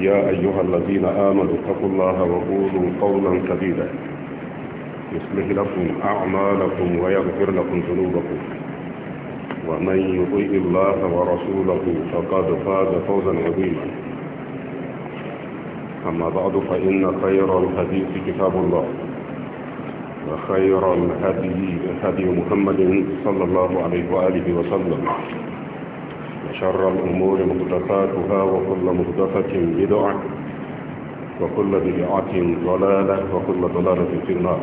يا أيها الذين آمنوا اتقوا الله وقولوا قولا سديدا يصلح لكم أعمالكم ويغفر لكم ذنوبكم ومن يطيع الله ورسوله فقد فاز فوزا عظيما أما بعد فإن خير الحديث كتاب الله وخير الهدي هدي محمد صلى الله عليه وآله وسلم شر الأمور مهدفاتها وكل مهدفة بدعة وكل بدعة ضلالة وكل ضلالة في النار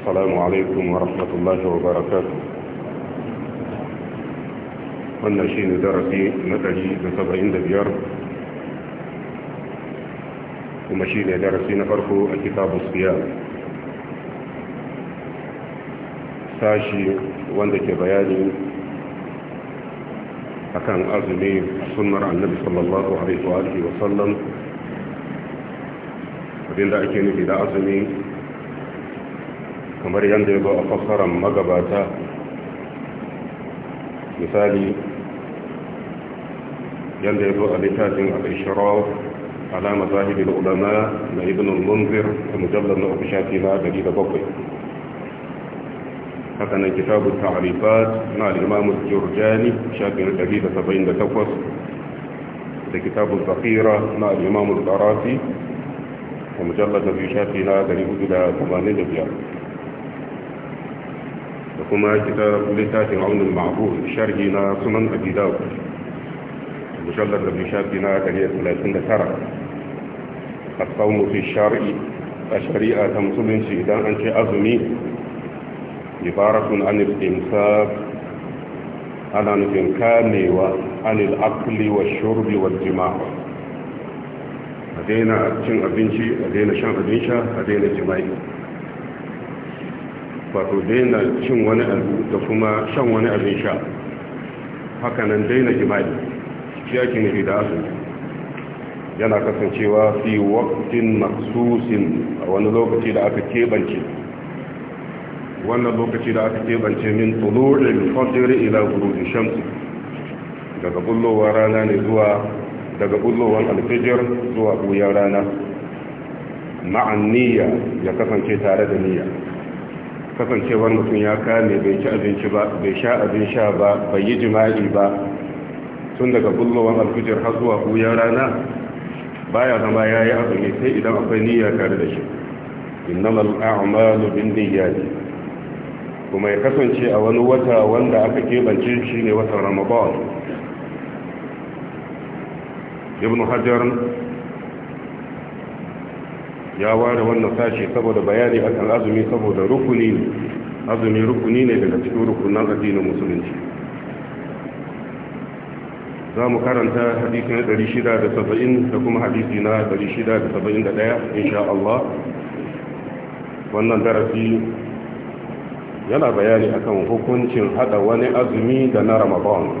السلام عليكم ورحمة الله وبركاته أنا شيء درسي نتجي بسبعين دبيار ومشي درسي نفرق الكتاب الصيام ساشي وندك بياني akan azumi sunnar annabi sallallahu alaihi wa alihi wa sallam abinda ake nufi da azumi kamar yadda ya zo a fassarar magabata misali yadda ya zo a littafin al'ishirar alama zahiri da ulama na ibn al-munzir da mujallar na uku shafi na 107 هذا كتاب التعريفات مع الإمام الجرجاني شابين الجديدة 78 هذا كتاب الزخيرة مع الإمام الغراسي ومجلد نبي شابين هذا لأجل 80 ديار وكما كتاب لتات العون المعروف شرهنا سنن أبي داود مجلد نبي شابين هذا لأجل 30 سرع القوم في الشرع الشريعة تمثل من سيدان أنت أظمين عبارة عن الإنساب ana nufin kamewa anil akli wa jima'a a daina cin abinci a daina shan abin a daina jima'i cin wani abu da kuma shan wani abin sha hakanan daina jima'i shi ake nufi da yana kasancewa fi waktin maksusin a wani lokaci da aka keɓance wannan lokaci da aka kebance min tulurin fajr ila gurubi shamsu daga bullowar rana ne zuwa daga bullowar alfijir zuwa buyan rana ma'an niyya ya kasance tare da niyya kasancewar mutum ya kame bai ci abinci ba bai sha abin sha ba bai yi jima'i ba tun daga bullowar alfijir har zuwa buyan rana baya zama ya yi azumi sai idan akwai niyya tare da shi innamal a'malu bin niyyati kuma ya kasance a wani wata wanda aka keɓance shi ne watan ramadan ibn hajar ya ware wannan sashi saboda bayani a kan azumi saboda rukuni azumi rukuni ne daga cikin rukunan addinin musulunci za mu karanta hadisi na 670 da kuma hadisi na 671 insha Allah wannan darasi yana bayani akan hukuncin hada wani azumi da na ramadan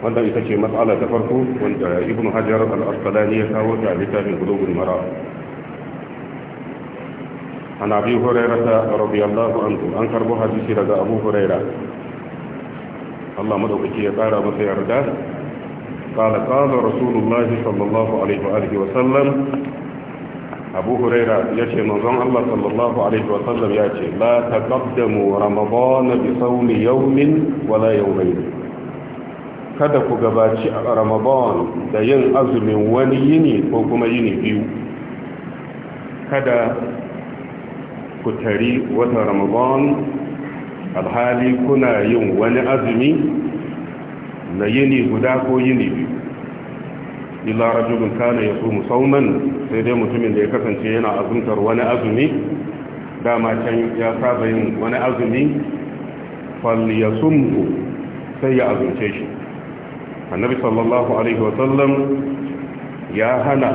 wanda ita ce matsala ta farko wanda ibn hajar al-asqalani ya kawo ta littafin gudubun mara an abi hurairata radiyallahu anhu an karbo hadisi daga abu huraira Allah madaukaki ya tsara masa yarda قال قال رسول الله صلى الله عليه وآله وسلم abu huraira ya ce manzon Allah sallallahu alaihi wasallam ya ce la taqaddamu ramadana bi sawmi yawmin wala yawmayn kada ku gabaci ramadan da yin azumin wani yini ko kuma yini biyu kada ku tari wata ramadan alhali kuna yin wani azumi na yini guda ko yini biyu illa rajulun kana ya sumu sauman sai dai mutumin da ya kasance yana azumtar wani azumi dama can ya saba yin wani azumi fal ya sai ya azumce shi annabi sallallahu alaihi wasallam ya hana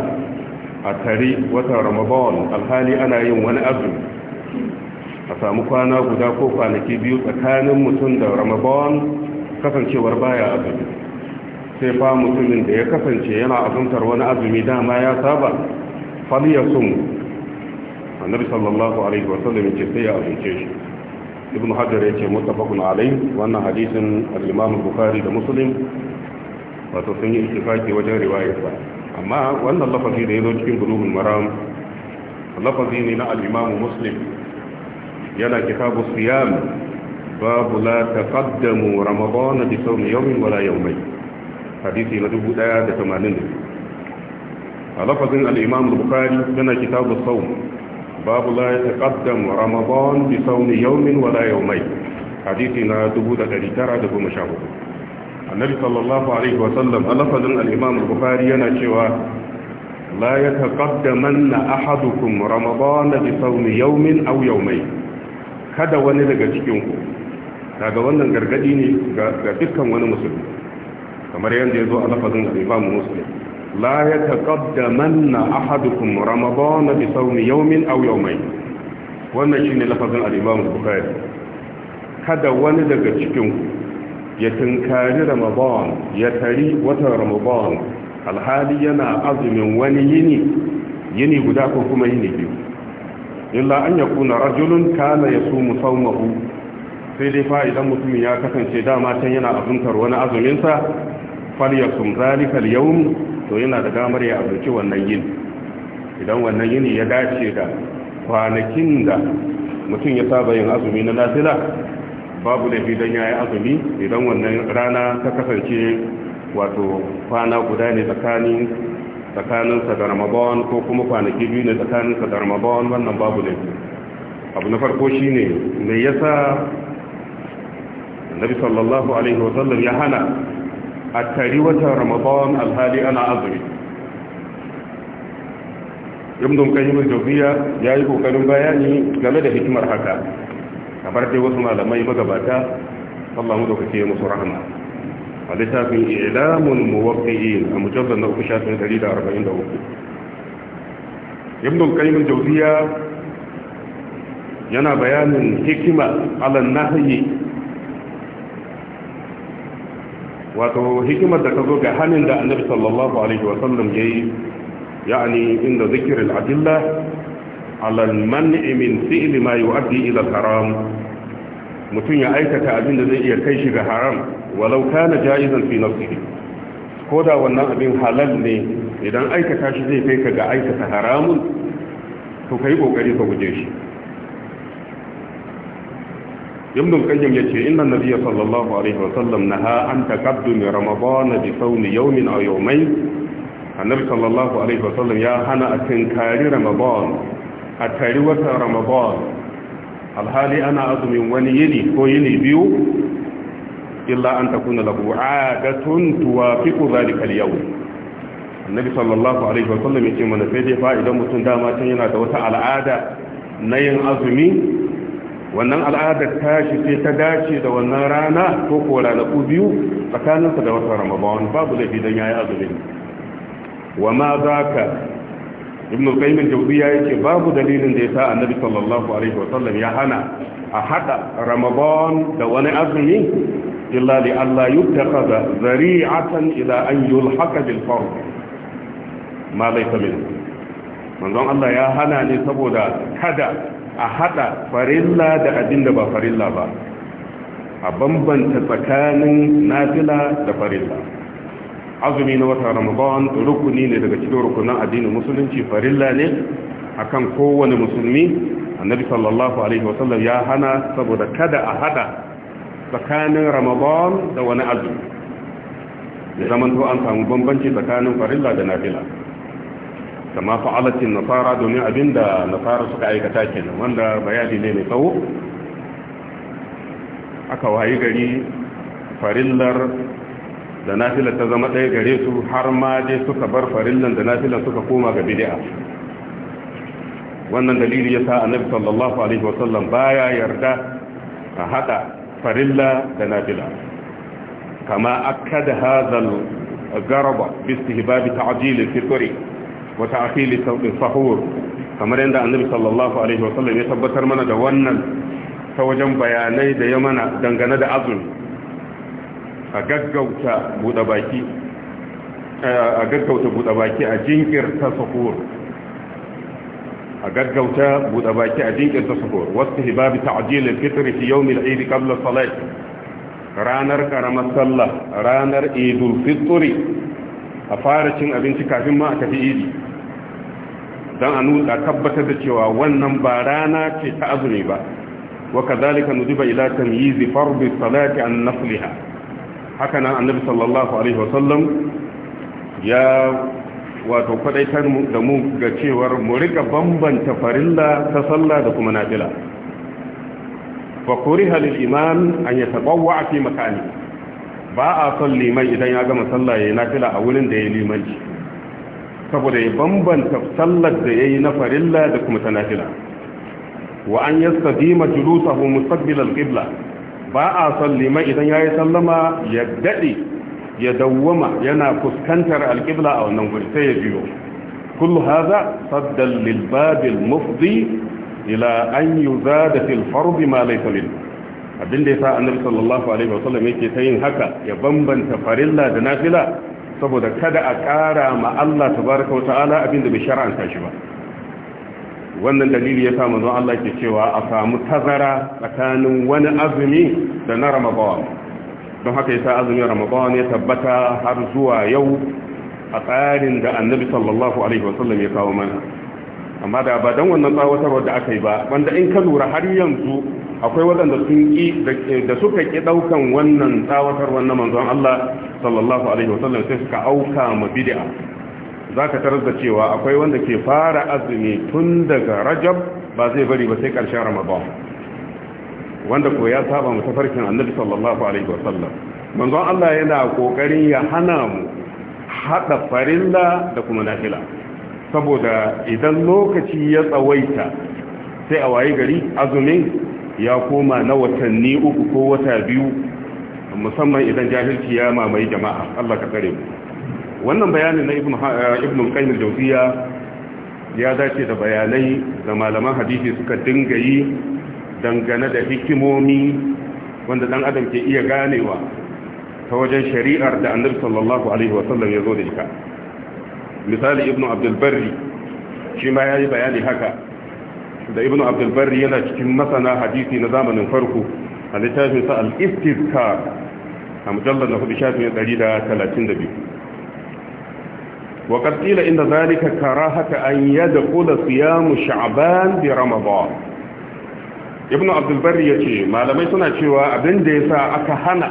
a tari watan ramadan alhali ana yin wani azumi a samu kwana guda ko kwanaki biyu tsakanin mutum da ramadan kasancewar baya azumi sai fa mutumin da ya kasance yana azumtar wani azumi dama ya saba falyasum annabi sallallahu alaihi wasallam ce sai ya azumce shi ibn hajar ya ce muttafaqun alaihi wannan hadisin al-imam bukhari da muslim wato sun yi ittifaki wajen riwayarsa amma wannan lafazi da ya zo cikin bulugul maram lafazi ne na al-imam muslim yana kitabu siyam babu la taqaddamu ramadana bi sawmi yawmin wala yawmayn hadisi na dubu ɗaya da tamanin da a lafazin al'imam bukari yana kitabu sau babu la ya taƙaddam ramadan bi sauni yaumin wala yaumai hadisi na dubu da ɗari tara da goma sha hudu annabi sallallahu alaihi wa sallam a lafazin al'imam bukari yana cewa la ya taƙaddaman na ahadukum ramadan bi sauni yaumin au yaumai kada wani daga cikinku Daga wannan gargadi ne ga dukkan wani musulmi kamar yadda ya zo a lafazin al-imam muslim la a ahadukum ramadana bi sawmi yaumin aw yawmayn wannan shi ne lafazin al-imam kada wani daga cikin ya tunkari ramadana ya tari watan ramadana alhali yana azumin wani yini yini guda ko kuma yini biyu illa an kuna rajulun kana su sawmahu sai dai fa idan mutum ya kasance dama can yana azumtar wani azuminsa falyasum sun al-yawm to yana da damar ya abuci wannan yini idan wannan yini ya dace da kwanakin da mutum ya saba yin azumi na lafila babu laifi don ya yi azumi idan wannan rana ta kasance wato kwana guda ne tsakanin tsakanin da mabawan ko kuma kwanaki biyu ne tsakanin da mabawan wannan babu laifi abu na farko shi ne mai yasa nabi sallallahu alaihi wasallam ya hana a tari watan ramadan alhali ana azumi ibn qayyim al-jawziya yi kokarin bayani game da hikimar haka kamar dai wasu malamai magabata Allah mu dauke musu rahama a littafin ilamul muwaqqi'in a mujallad na 343 ibn qayyim al-jawziya yana bayanin hikima ala nahyi wato hikimar da ka zo ga hannun da annabi sallallahu alaihi wasallam ya yi ya'ani inda zikirin adilla alal man'i min fi'li ma yu'addi ila haram mutum ya aikata abin da zai iya kai shi ga haram walau kana jaizan fi nafsihi ko da wannan abin halal ne idan aikata shi zai kai ka ga aikata haramun to kai kokari ka guje shi ibn qayyim yace inna nabiyya sallallahu alaihi wa sallam naha an taqaddum ramadan bi sawm yawmin aw yawmayn annabi sallallahu alaihi wa sallam ya hana a tinkari ramadan a tari wata ramadan alhali ana azumin wani yini ko yini biyu illa an takuna lahu adatun tuwafiqu dhalika al-yawm annabi sallallahu alaihi wa sallam yace mana sai dai fa idan mutum dama tun yana da wata al'ada na yin azumi wannan al'adar shi sai ta dace da wannan rana ko kuwa ranaku biyu tsakaninsa da wata ramadan babu laifi dan yayi azumi wa ma ka? ibn al-qayyim al yake babu dalilin da yasa annabi sallallahu alaihi wa sallam ya hana a hada ramadan da wani azumi illa li alla yuttakhadha zari'atan ila an yulhaqa bil fard ma laysa min manzon Allah ya hana ne saboda kada a haɗa farilla da abin da ba farilla ba a bambanta tsakanin nafila da farilla azumi na wata ramadan rukuni ne daga cikin rukunan addinin musulunci farilla ne akan kowane musulmi annabi sallallahu alaihi wasallam ya hana saboda kada a haɗa tsakanin ramadan da wani azumi ya zama an samu bambanci tsakanin farilla da nafila kama fa'alatin nasara domin abinda nasara suka aikata kenan wanda bayani ne mai tsawo aka wayi gari farillar da nafilar ta zama ɗaya gare su har ma dai suka bar farillan da nafilar suka koma ga bid'a wannan dalili ya sa annabi sallallahu alaihi wasallam baya yarda a haɗa farilla da nafila kama akada hadal garaba bi istihbab ta'jil al wa ta'khili sahur kamar yadda annabi sallallahu alaihi wa sallam ya tabbatar mana da wannan ta wajen bayanai da ya mana dangane da azumi a gaggauta buɗe baki eh, a gaggauta buɗe baki a jinkirta sahur a gaggauta buɗe baki a jinkirta sahur wasu hibabi ta'jil al-fitr fi yawm al-eid qabla salat ranar karamar sallah ranar idul fitri a fara cin abinci kafin ma a tafi idi don a nuna tabbatar da cewa wannan ba rana ce ta azumi ba wa kazalika nudiba ila tamyizi farbi salati an nafliha haka nan annabi sallallahu alaihi wasallam ya wato kwadaitar da mu ga cewar mu rika bambanta farilla ta sallah da kuma nafila fa kuriha lil imam an yatabawwa fi makani ba a son liman idan ya gama sallah ya yi nafila a wurin da ya yi limanci saboda ya bambanta sallar da ya yi na farilla da kuma ta nafila wa an yasta dima julusahu mustaqbil al-qibla ba a son liman idan ya yi sallama ya dade ya dawwama yana fuskantar al-qibla a wannan guri sai ya biyo kullu haza, saddan lil babil mufdi ila an yuzada fil fard ma laysa abin da ya sa annabi sallallahu alaihi wasallam yake ta yin haka ya bambanta farilla da nafila saboda kada a ƙara ma Allah tabaraka ta'ala abin da bai shar'anta shi ba wannan dalili ya sa manzon Allah ke cewa a samu tazara tsakanin wani azumi da na Ramadan don haka yasa azumin Ramadan ya tabbata har zuwa yau a tsarin da annabi sallallahu alaihi wasallam ya kawo mana amma da ba dan wannan tsawatarwar da aka yi ba wanda in ka lura har yanzu akwai waɗanda sun ƙi da suka ƙi ɗaukan wannan tsawatarwar na manzon Allah sallallahu alaihi wasallam sai suka auka ma Za ka tarar da cewa akwai wanda ke fara azumi tun daga Rajab ba zai bari ba sai ƙarshen Ramadan wanda ko ya saba mu tafarkin Annabi sallallahu alaihi sallam. manzon Allah yana kokarin ya hana mu hada farilla da kuma nafila saboda idan lokaci ya tsawaita sai a waye gari azumin ya koma na watanni uku ko wata biyu musamman idan jahilci ya mamaye jama'a Allah ka tsare mu wannan bayanin na ibn eh, ibnu qayyim al-jawziya ya dace da bayanai da malaman hadisi suka dinga yi dangane da hikimomi wanda dan adam ke iya ganewa ta wajen shari'ar da annabi sallallahu alaihi wasallam ya zo da ita misali ibnu abdul barri shi ma yayi bayani haka da Ibn abdul yana cikin masana hadisi na zamanin farko a littafin sa al-istizkar a mujallar na hudu shafin 132 wa qad qila inda zalika karahata an yadkhula siyam sha'aban bi ramadan Ibn abdul ya ce malamai suna cewa abin da yasa aka hana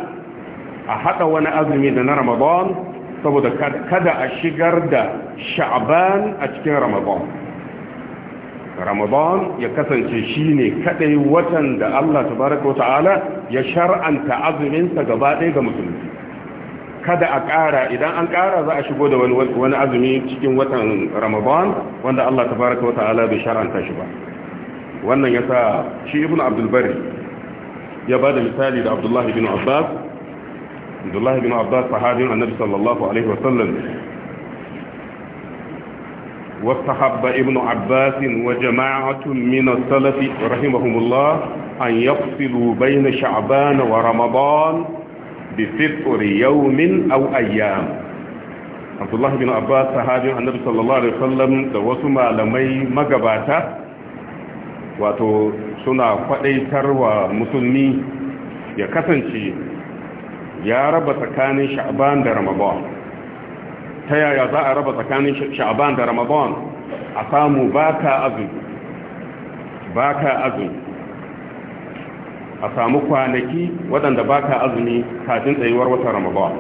a haɗa wani azumi da na ramadan saboda kada a shigar da sha'aban a cikin ramadan ramadan ya kasance shi ne kadai watan da Allah tabaraka wata'ala ya shar'anta azumin sa gaba ɗaya ga Musulunci. kada a ƙara idan an ƙara za a shigo da wani azumi cikin watan ramadan wanda Allah tabaraka wata'ala bai shar'anta shi ba wannan ya sa shi Ibn abdul ya ba da misali da abdullahi bin abbas abdullahi bin abbas sahabin annabi sallallahu alaihi wa sallam. واستحب ابن عباس وجماعة من السلف رحمهم الله أن يفصلوا بين شعبان ورمضان بفطر يوم أو أيام عبد الله بن عباس صحابي النبي صلى الله عليه وسلم da لمي malamai magabata wato suna kwadaitarwa musulmi ya kasance ya raba tsakanin sha'ban da ramadan ta yaya za a raba tsakanin sha'aban da ramadan a samu baka azumi ba azumi a samu kwanaki waɗanda baka azumi kafin tsayuwar wata ramadan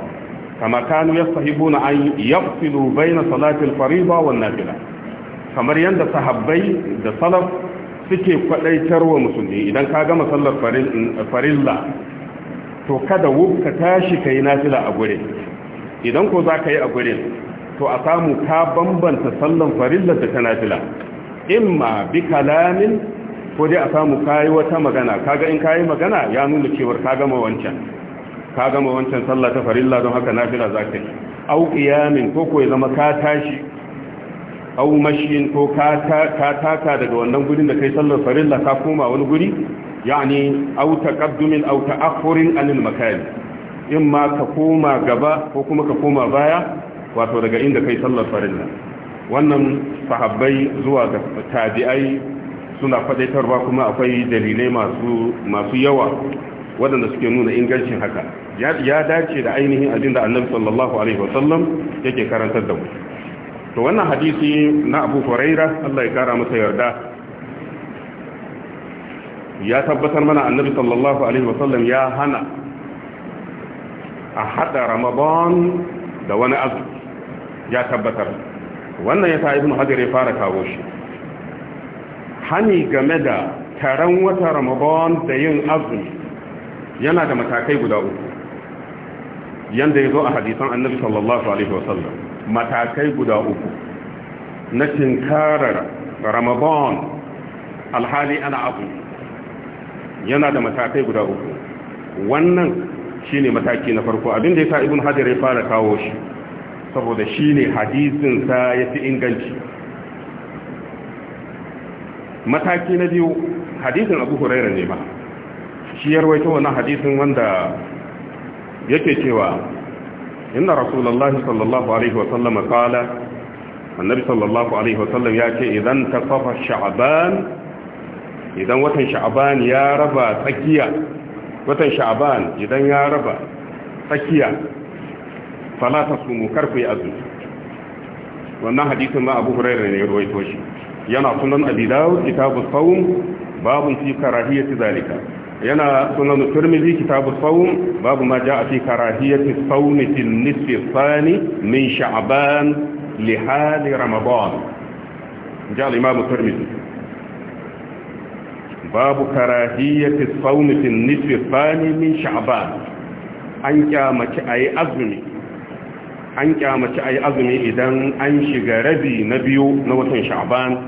kama kanu ya sahibu na an yafsilu bai na salatin fariba wa nafila kamar yadda sahabbai da salaf suke kwaɗaitarwa musulmi idan ka gama sallar farilla to kada wuf ka tashi ka yi nafila a gure idan ko za ka yi a gurin to a samu ka bambanta sallan farillar da ta nafila imma bi kalamin ko dai a samu yi wata magana kaga in yi magana ya nuna cewar ka gama wancan ka gama wancan sallah ta farilla don haka nafila za ka yi au qiyamin ko ko ya zama ka tashi au mashin ko ka taka daga wannan gurin da kai sallar farilla ka koma wani guri yani au taqaddumin au ta'akhurin anil makani in ma ka koma gaba ko kuma ka koma baya wato daga inda kai sallar farilla wannan sahabbai zuwa ga tabi'ai suna faɗaitarwa kuma akwai dalilai masu masu yawa waɗanda suke nuna ingancin haka ya dace da ainihin abin da annabi sallallahu alaihi wasallam yake karantar da mu to wannan hadisi na abu huraira Allah ya kara masa yarda ya tabbatar mana annabi sallallahu alaihi sallam ya hana a hada ramadan da wani azumi ya tabbatar wannan ya sa ibn hajar ya fara kawo shi hani game da taron wata ramadan da yin azumi yana da matakai guda uku yanda ya zo a hadisan annabi sallallahu alaihi wasallam matakai guda uku na tinkarar ramadan alhali ana azumi yana da matakai guda uku wannan Shi ne mataki na farko abin da sa ibn hajar ya fara kawo shi saboda shi ne hadisinsa ya fi inganci mataki na biyu hadisin abu huraira ne ba shi ya ta wannan hadisin wanda yake cewa inna rasulullahi sallallahu alaihi wa sallam qala annabi sallallahu alaihi wa sallam ya ce idan ta tasafa sha'aban, idan watan sha'aban ya raba tsakiya watan sha'ban idan ya raba tsakiya fala ta sumu karku ya azumi wannan hadisin ma abu hurairah ne ruwaito shi yana sunan abi dawud kitabu sawm babun fi karahiyati zalika yana sunan tirmidhi kitabu sawm babu ma jaa fi karahiyati sawmi fi nisfi thani min sha'ban li hali ramadan jaa al-imam tirmidhi babu karahiyati sawmi fi nisfi thani min sha'ban an ƙyamaci a yi azumi idan an shiga rabi na biyu na watan sha'ban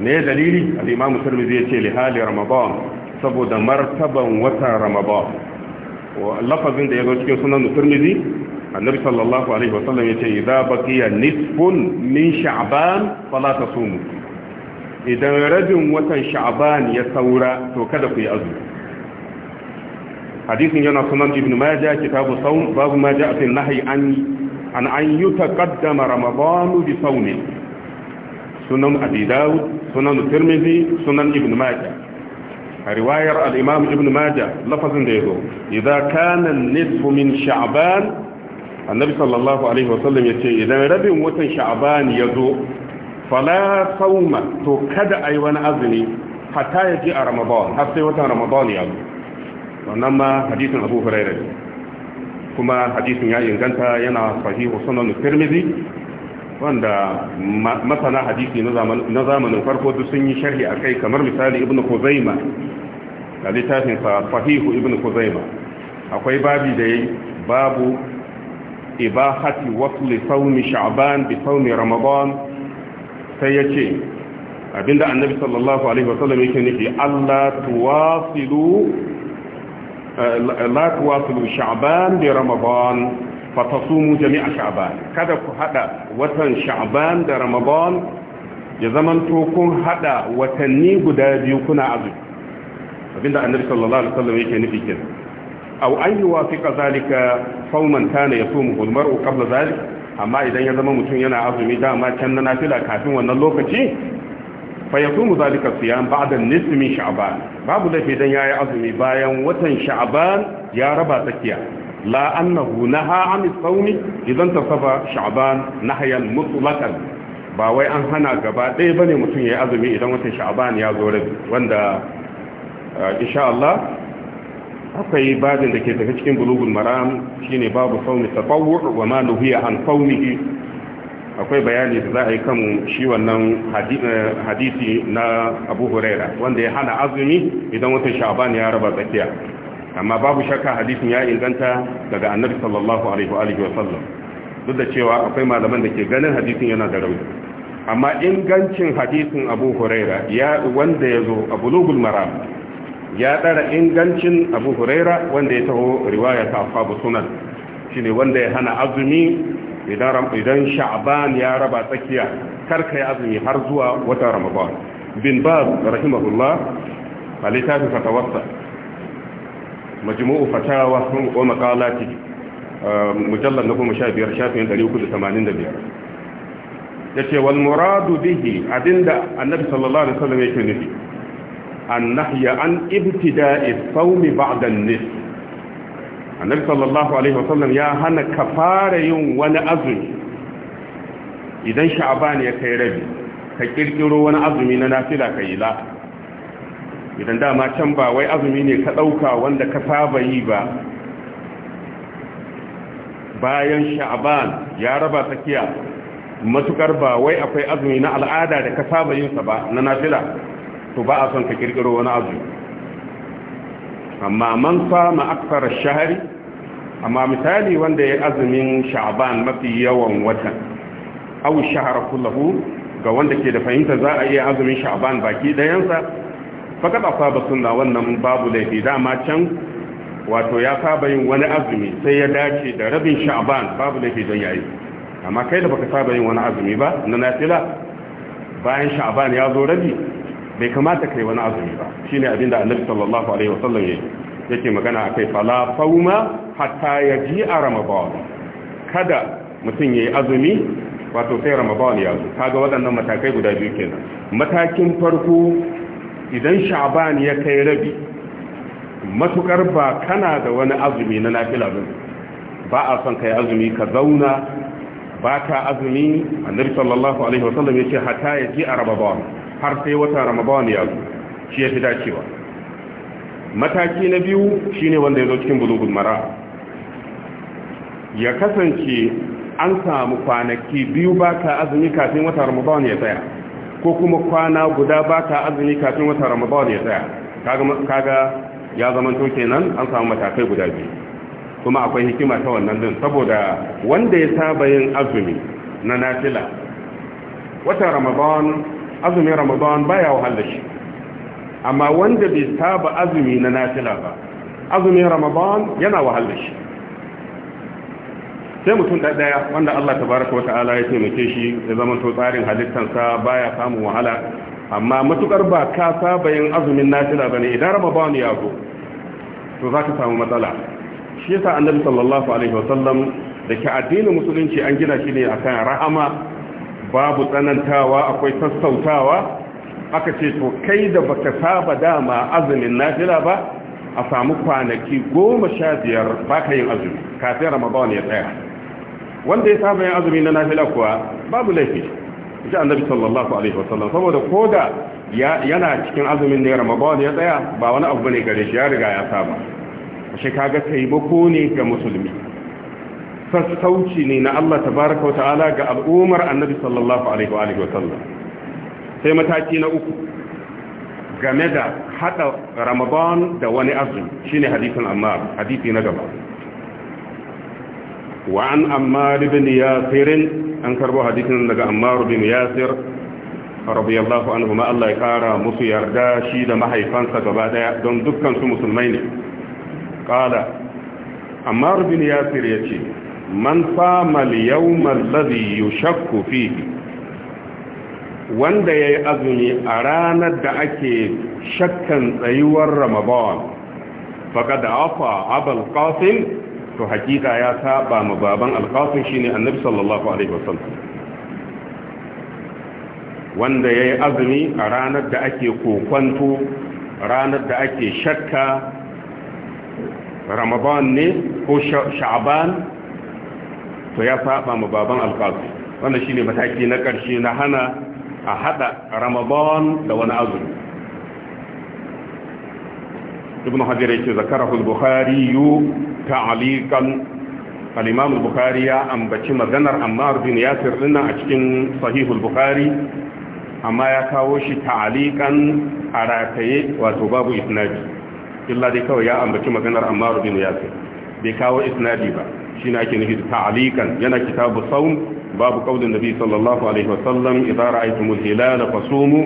ne dalili al-imam tirmidhi yace li hali ramadan saboda martaban watan ramadan wa lafazin da yazo cikin sunan tirmidhi annabi sallallahu alaihi wasallam yace idza baqiya nisfun min sha'ban fala tasumu idan rabin watan sha'ban ya saura to kada ku yi azumi hadisin yana sunan ibn majah kitabu sawm babu ma ja'a fi nahyi an an an yutaqaddama ramadan bi sawm sunan abi daud sunan tirmidhi sunan ibn majah riwayar al-imam ibn majah lafazin da yazo idza kana an-nisfu min sha'ban annabi sallallahu alaihi wa wasallam yace idan rabin watan sha'ban yazo fala sauma to kada a yi wani azumi hata ya ji a ramadan har sai watan ramadan ya zo wannan ma hadisin abu hurairar kuma hadisin ya inganta yana sahihu sunan tirmidhi wanda masana hadisi na zamanin farko duk sun yi sharhi a kai kamar misali ibn kuzaima da littafinsa sahihu ibn kuzaima akwai babi da ya babu ibahati wasli saumi sha'ban bi ramadan sai ya ce abinda annabi sallallahu alaihi wasallam yake nufi Allah tuwasilu eh, la tuwasilu sha'ban bi ramadan fa tasumu jami'a sha'ban kada ku hada watan sha'ban da ramadan ya zamanto kun hada watanni guda biyu kuna azumi abinda annabi sallallahu alaihi wasallam yake nufi kenan aw an yuwafiqa zalika sawman kana yasumu al mar'u qabla zalika amma idan ya zama mutum yana azumi dama can na nafila kafin wannan lokaci fa yakumu zalika siyam ba'da nisfi sha'ban babu laifi dan yayi azumi bayan watan sha'ban ya raba tsakiya la annahu naha an sawmi idan tasafa sha'ban nahyan mutlaqan ba wai an hana gaba ɗaya bane mutum yayi azumi idan watan sha'ban ya zo rabi wanda eh, insha Allah akwai babin da ke daga cikin bulugul maram shine babu fauni tatawwu wa ma nuhiya an saunihi akwai bayani da za a yi kan shi wannan eh, hadisi na Abu Huraira wanda ya hana azumi idan watan Sha'ban ya raba tsakiya amma babu shakka hadisin ya inganta daga Annabi sallallahu alaihi wa alihi wa sallam duk da cewa akwai malaman da ke ganin hadisin yana da rauni amma ingancin hadisin Abu Huraira ya wanda yazo a bulugul maram ya ɗara ingancin abu huraira wanda ya taho riwaya ta ashabu sunan shine wanda ya hana azumi idan idan sha'ban ya raba tsakiya karka ya azumi har zuwa wata ramadan bin baz rahimahullah alitafi fatawassa majmu'u fatawa wa maqalati uh, mujallal na sha 15 shafin 385 yace wal muradu bihi abinda annabi sallallahu alaihi wasallam yake nufi النهي عن ابتداء الصوم بعد النصف النبي صلى الله عليه وسلم يا هنا كفاره ولا أزمي إذا شعبان يا كيربي كيركرو ولا أزمي ننافلة كيلا idan dama can ba wai azumi ne ka ɗauka wanda ka saba yi ba bayan sha'aban ya raba tsakiya matukar ba wai akwai azumi na al'ada da ka saba yinsa ba na nafila to ba a son ka kirkiro wani abu amma man sama aksar shahari amma misali wanda ya azumin sha'ban mafi yawan watan aw shahar kullahu ga wanda ke da fahimta za a iya azumin sha'ban baki dayansa fakat asaba sunna wannan babu laifi dama can wato ya saba yin wani azumi sai ya dace da rabin sha'ban babu laifi don yayi amma kai da baka saba yin wani azumi ba na nafila bayan sha'ban ya zo rabi bai kamata kai wani azumi ba shine abinda annabi sallallahu alaihi wasallam yake yake magana akai fala fauma hatta yaji a ramadan kada mutum yayi azumi wato sai ramadan ya zo kaga waɗannan matakai guda biyu kenan matakin farko idan sha'ban ya kai rabi matukar ba kana da wani azumi na nafila ba ba a son kai azumi ka zauna ba ka azumi annabi sallallahu alaihi wasallam yace hatta yaji a ramadan har sai wata ramadan ya zo shi ya fi dacewa mataki na biyu shine wanda ya zo cikin bulugul mara ya kasance an samu kwanaki biyu ba ka azumi kafin wata ramadan ya tsaya ko kuma kwana guda ba ka azumi kafin wata ramadan ya tsaya kaga ya zama to kenan an samu matakai guda biyu kuma akwai hikima ta wannan din saboda wanda ya saba yin azumi na nafila wata ramadan azumin ramadan wahal da shi amma wanda bai saba azumi na nafila ba azumin ramadan yana da shi sai mutum ɗaya wanda Allah tabaraka wa ta'ala ya taimake shi ya zama to tsarin halittansa baya samun wahala amma matukar ba ka saba yin azumin nafila ne, idan ramadan ya zo to za ka samu matsala shi yasa annabi sallallahu alaihi wa sallam da ke addinin musulunci an gina shi ne akan rahama babu tsanantawa akwai sassautawa aka ce to kai da baka saba dama azumin nafila ba a samu kwanaki goma sha biyar baka yin azumi kafin ramadan ya tsaya wanda ya saba yin azumi na nafila kuwa babu laifi ji annabi sallallahu alaihi wasallam saboda koda yana cikin azumin ne ramadan ya tsaya ba wani abu ne gare shi ya riga ya saba shi kaga taimako ne ga musulmi sassauci ne na Allah tabaraka wa ta'ala ga al'ummar annabi sallallahu alaihi wa alihi wa sallam sai mataki na uku game da hada ramadan da wani azumi shine hadithin ammar hadithi na gaba wa an ammar ibn yasir an karbo hadithin daga ammar ibn yasir radiyallahu anhu ma Allah ya kara musu yarda shi da mahaifansa gaba daya don dukkan su musulmai ne qala ammar ibn yasir yace man fama yawmal ladhi yushakku fihi wanda yayi azumi a ranar da ake shakkan tsayuwar ramadan da afa abal qasim to hakika ya saba ma baban alqasim shine annabi sallallahu alaihi wasallam wanda yayi azumi a ranar da ake kokwanto ranar da ake shakka ramadan ne ko sha'ban to ya saba ma baban alƙasu wanda shine mataki na ƙarshe na hana a hada ramadan da wani azumi ibn hajar yake zakara hulbukhari bukhari ta'liqan al-imam bukhari ya ambaci maganar ammar bin yasir dinnan a cikin sahih al-bukhari amma ya kawo shi ta'alikan a rataye wato babu isnadi illa dai kawai ya ambaci maganar ammar bin yasir bai kawo isnadi ba shine ake nufi ta'alikan yana kitabu saum babu qaulin nabi sallallahu alaihi wasallam idza ra'aytumul hilala fasumu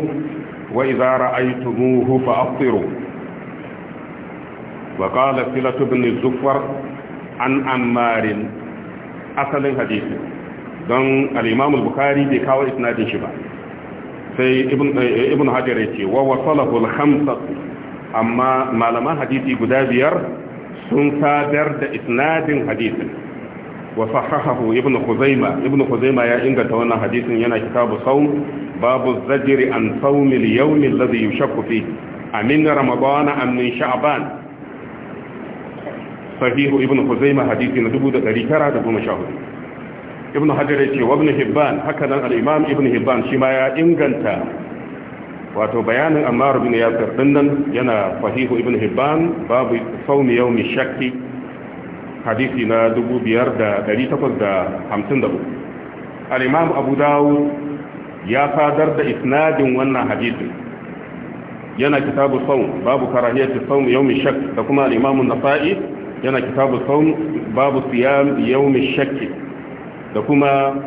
wa idza ra'aytumuhu fa'tiru wa qala silat ibn zufar an ammar asalin hadisi don al-imam al-bukhari bai kawo isnadin shi ba sai ibn eh, hajar ya wa wasalahu al-khamsa amma malaman hadisi guda biyar sun sadar da isnadin hadisin wa sahahahu ibnu khuzaima ibnu khuzaima ya inganta wannan hadisin yana kitabu saum babu zajri an saumil yawm alladhi yushakku fi amin ramadana am min sha'ban sahihu ibnu khuzaima hadisi na 1914 ibnu hajar yace wa ibnu hibban haka nan al-imam ibnu hibban shi ma ya inganta wato bayanin ammar bin yasir din nan yana fahihu ibn hibban babu saumi yaumi shakki hadisi na 5853 al-imam abu dawud ya fadar da isnadin wannan hadisi. yana kitabu saum babu karahiyati saum yaumi shakki da kuma al-imam an-nasa'i yana kitabu saum babu siyam yaumi shakki da kuma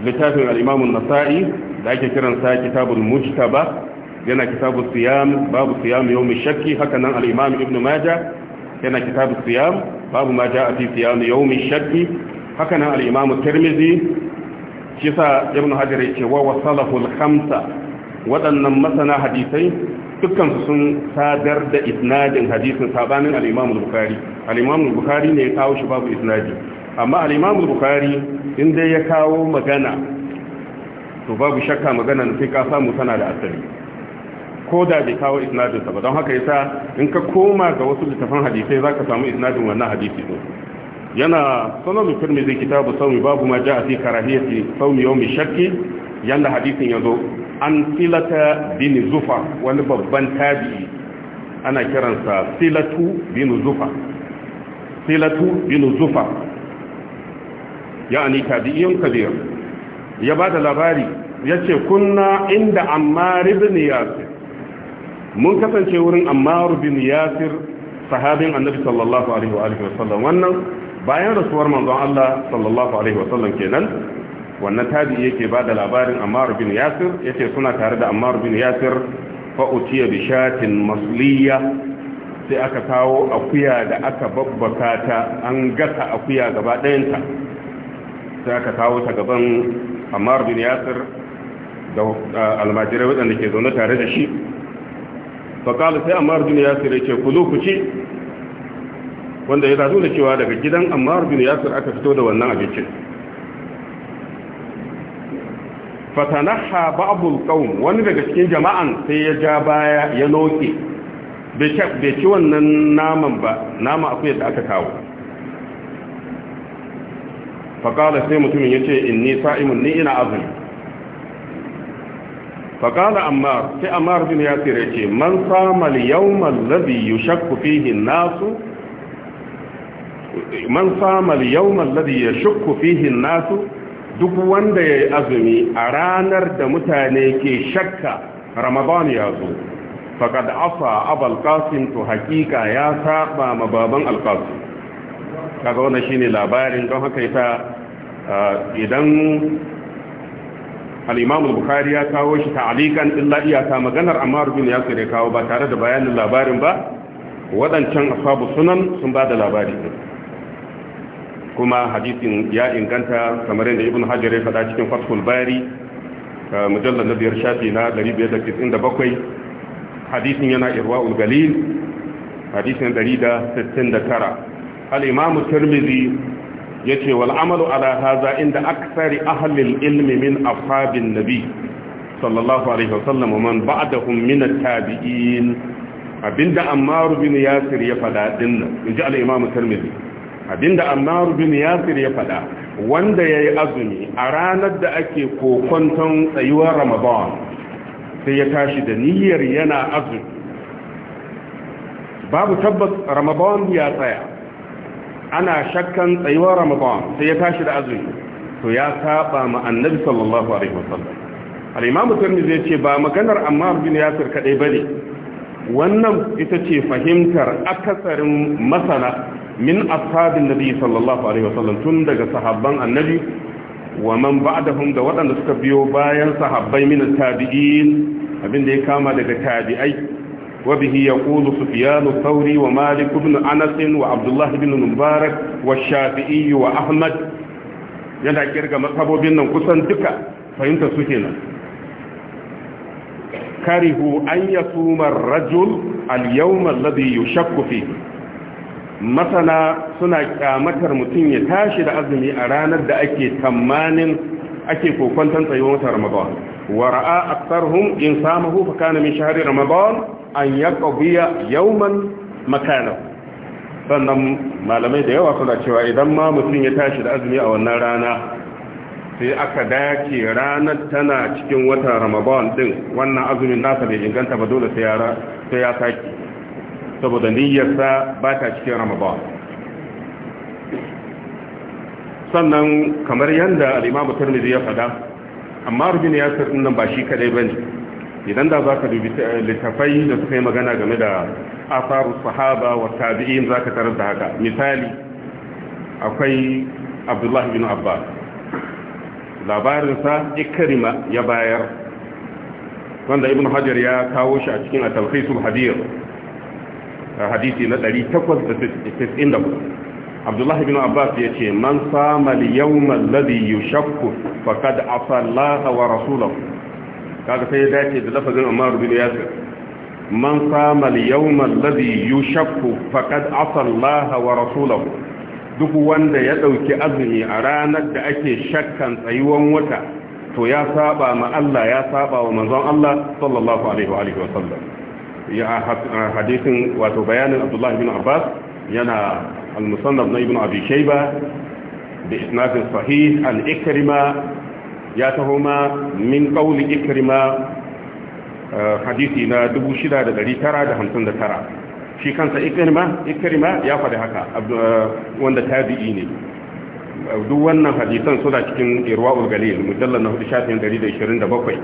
littafin al-imam an-nasa'i da ake kiransa kitabul mujtaba yana kitabu siyam babu siyam yawmi shakki haka nan al-imam ibn majah yana kitabu siyam babu ma jaa fi siyam yawmi shakki haka nan al-imam tirmidhi shi sa ibn hajar yace wa wasalahu al-khamsa wadannan masana hadisai dukkan sun sadar da isnadin hadisin sabanin al-imam al-bukhari al-imam al-bukhari ne ya kawo shi babu isnadi amma al-imam al-bukhari inda ya kawo magana to babu shakka maganar sai ka samu tana da asali ko da bai kawo isnadinsa ba don haka yasa in ka koma ga wasu littafan hadisai ka samu isnadin wannan hadisi din yana sanan zai kitabu sawmi babu ma jaa fi karahiyati sawmi yawmi shakki yanda hadisin yazo an filata bin zufa wani babban tabi'i ana kiransa filatu bin zufa Filatu bin zufa yani tabi'in kabir ya ba da labari ya ce kunna inda ammar ibn yasir mun kasance wurin ammar ibn yasir sahabin annabi sallallahu alaihi wa sallam wannan bayan rasuwar manzon Allah sallallahu alaihi sallam kenan wannan tabi yake ba da labarin ammar ibn yasir yace suna tare da ammar ibn yasir fa utiya bi shatin masliya sai aka kawo akuya da aka babbaka ta an gasa akuya gaba ɗayanta sai aka kawo ta gaban ammar bin yasir da uh, almajirai waɗanda ke zaune tare da shi faƙalu sai ammar bin yasir ya ce ku zo ku ci wanda ya zazu da cewa daga gidan ammar bin yasir aka fito da wannan abincin fatanaha ba'abul qaum wani daga cikin jama'an sai ya ja baya ya noke bai ci wannan naman ba nama akwai da aka kawo faƙala sai mutumin ya ce in ni sa'imun ni ina azumi faƙala amma sai amma rufin ya tsira ce man samal yau labi yi shakku fihi nasu man samal yawman labi ya shakku nasu duk wanda ya yi azumi a ranar da mutane ke shakka ramadan ya zo faƙad afa abal qasim to hakika ya saba ma baban alƙasim kaga wannan shine labarin don haka yasa ah, idan al-Imam al-Bukhari ya kawo shi ta'alikan illa iyaka maganar Ammar bin Yasir ya kawo ba tare da bayanin labarin ba waɗancan ashabu sunan sun ba da labari kuma hadisin ya inganta kamar yadda Ibn Hajar ya faɗa cikin Fathul Bari ah, mujallal na biyar shafi na 597 hadisin yana irwa ul-galil hadisin 169 al-imamu tirmidhi yace wal amalu ala hadha inda aktsari ahli al-ilmi min ashabin nabi sallallahu alaihi wasallam wa man ba'dahum da at-tabi'in abinda ammar bin yasir ya fada dinnan inji al-imamu tirmidhi abinda ammar bin yasir ya fada wanda yayi azumi a ranar da ake kokonton tsayuwar ramadan sai ya tashi da niyyar yana azumi babu tabbas ramadan ya tsaya ana shakkan tsayuwar ramadan sai ya tashi da azumi to ya saba ma annabi sallallahu alaihi wasallam al-imamu tirmidhi ya ce ba maganar ammar bin yasir kadai bane wannan ita ce fahimtar akasarin masana min ashabin nabi sallallahu alaihi wasallam tun daga sahabban annabi wa man ba'dahum da waɗanda suka biyo bayan sahabbai min tabi'in da ya kama daga tabi'ai وبه يقول سفيان الثوري ومالك بن أنس وعبد الله بن المبارك والشافعي وأحمد yana kirga masabobin nan kusan duka fahimta su nan. karihu an yasuma rajul al-yawm alladhi yushakku masana suna kyamatar mutum ya tashi da azumi a ranar da ake tsammanin ake kokon tsayon wata ramadan wa ra'a hum in samahu fa kana min shahri ramadan an yakabiya yauman makana sannan malamai da yawa suna cewa idan ma mutum ya tashi da azumi a wannan rana sai aka dace ranar tana cikin watan ramadan din wannan azumin nasa bai inganta ba dole sai ya saki saboda niyyarsa ba ta cikin ramadan sannan kamar yadda al'imamu turmizi ya fada amma rubin ya sirrin nan ba shi kadai ba ne idan da za ka dubi eh, littafai da suka yi magana game da asaru sahaba wa tabi'in za ka tarar da haka misali akwai abdullahi bin abbas labarinsa ikirma ya bayar wanda ibn hajar ya kawo shi a cikin atalkhaisul hadir hadisi na 894 abdullahi bin abbas ya ce man sama liyawman ladhi yushakku faqad asallaha wa rasulahu kaga sai ya dace da lafazin Ammar bin Yasir man sama al-yawma alladhi yushakku faqad asa Allah wa rasulahu duk wanda ya dauki azumi a ranar da ake shakkan tsayuwan wata to ya saba ma Allah ya saba wa manzon Allah sallallahu alaihi wa alihi wa sallam ya hadisin wato bayanin Abdullah ibn Abbas yana al-musannaf na ibn Abi Shayba bi isnad sahih an ikrima ya taho ma min kauli ikrima eh, hadisi na 6959 shi kansa ikrima ikrima ya faɗi haka eh, wanda tabi'i ne duk wannan hadisan suna cikin irwaul galil mujallal na bakwai.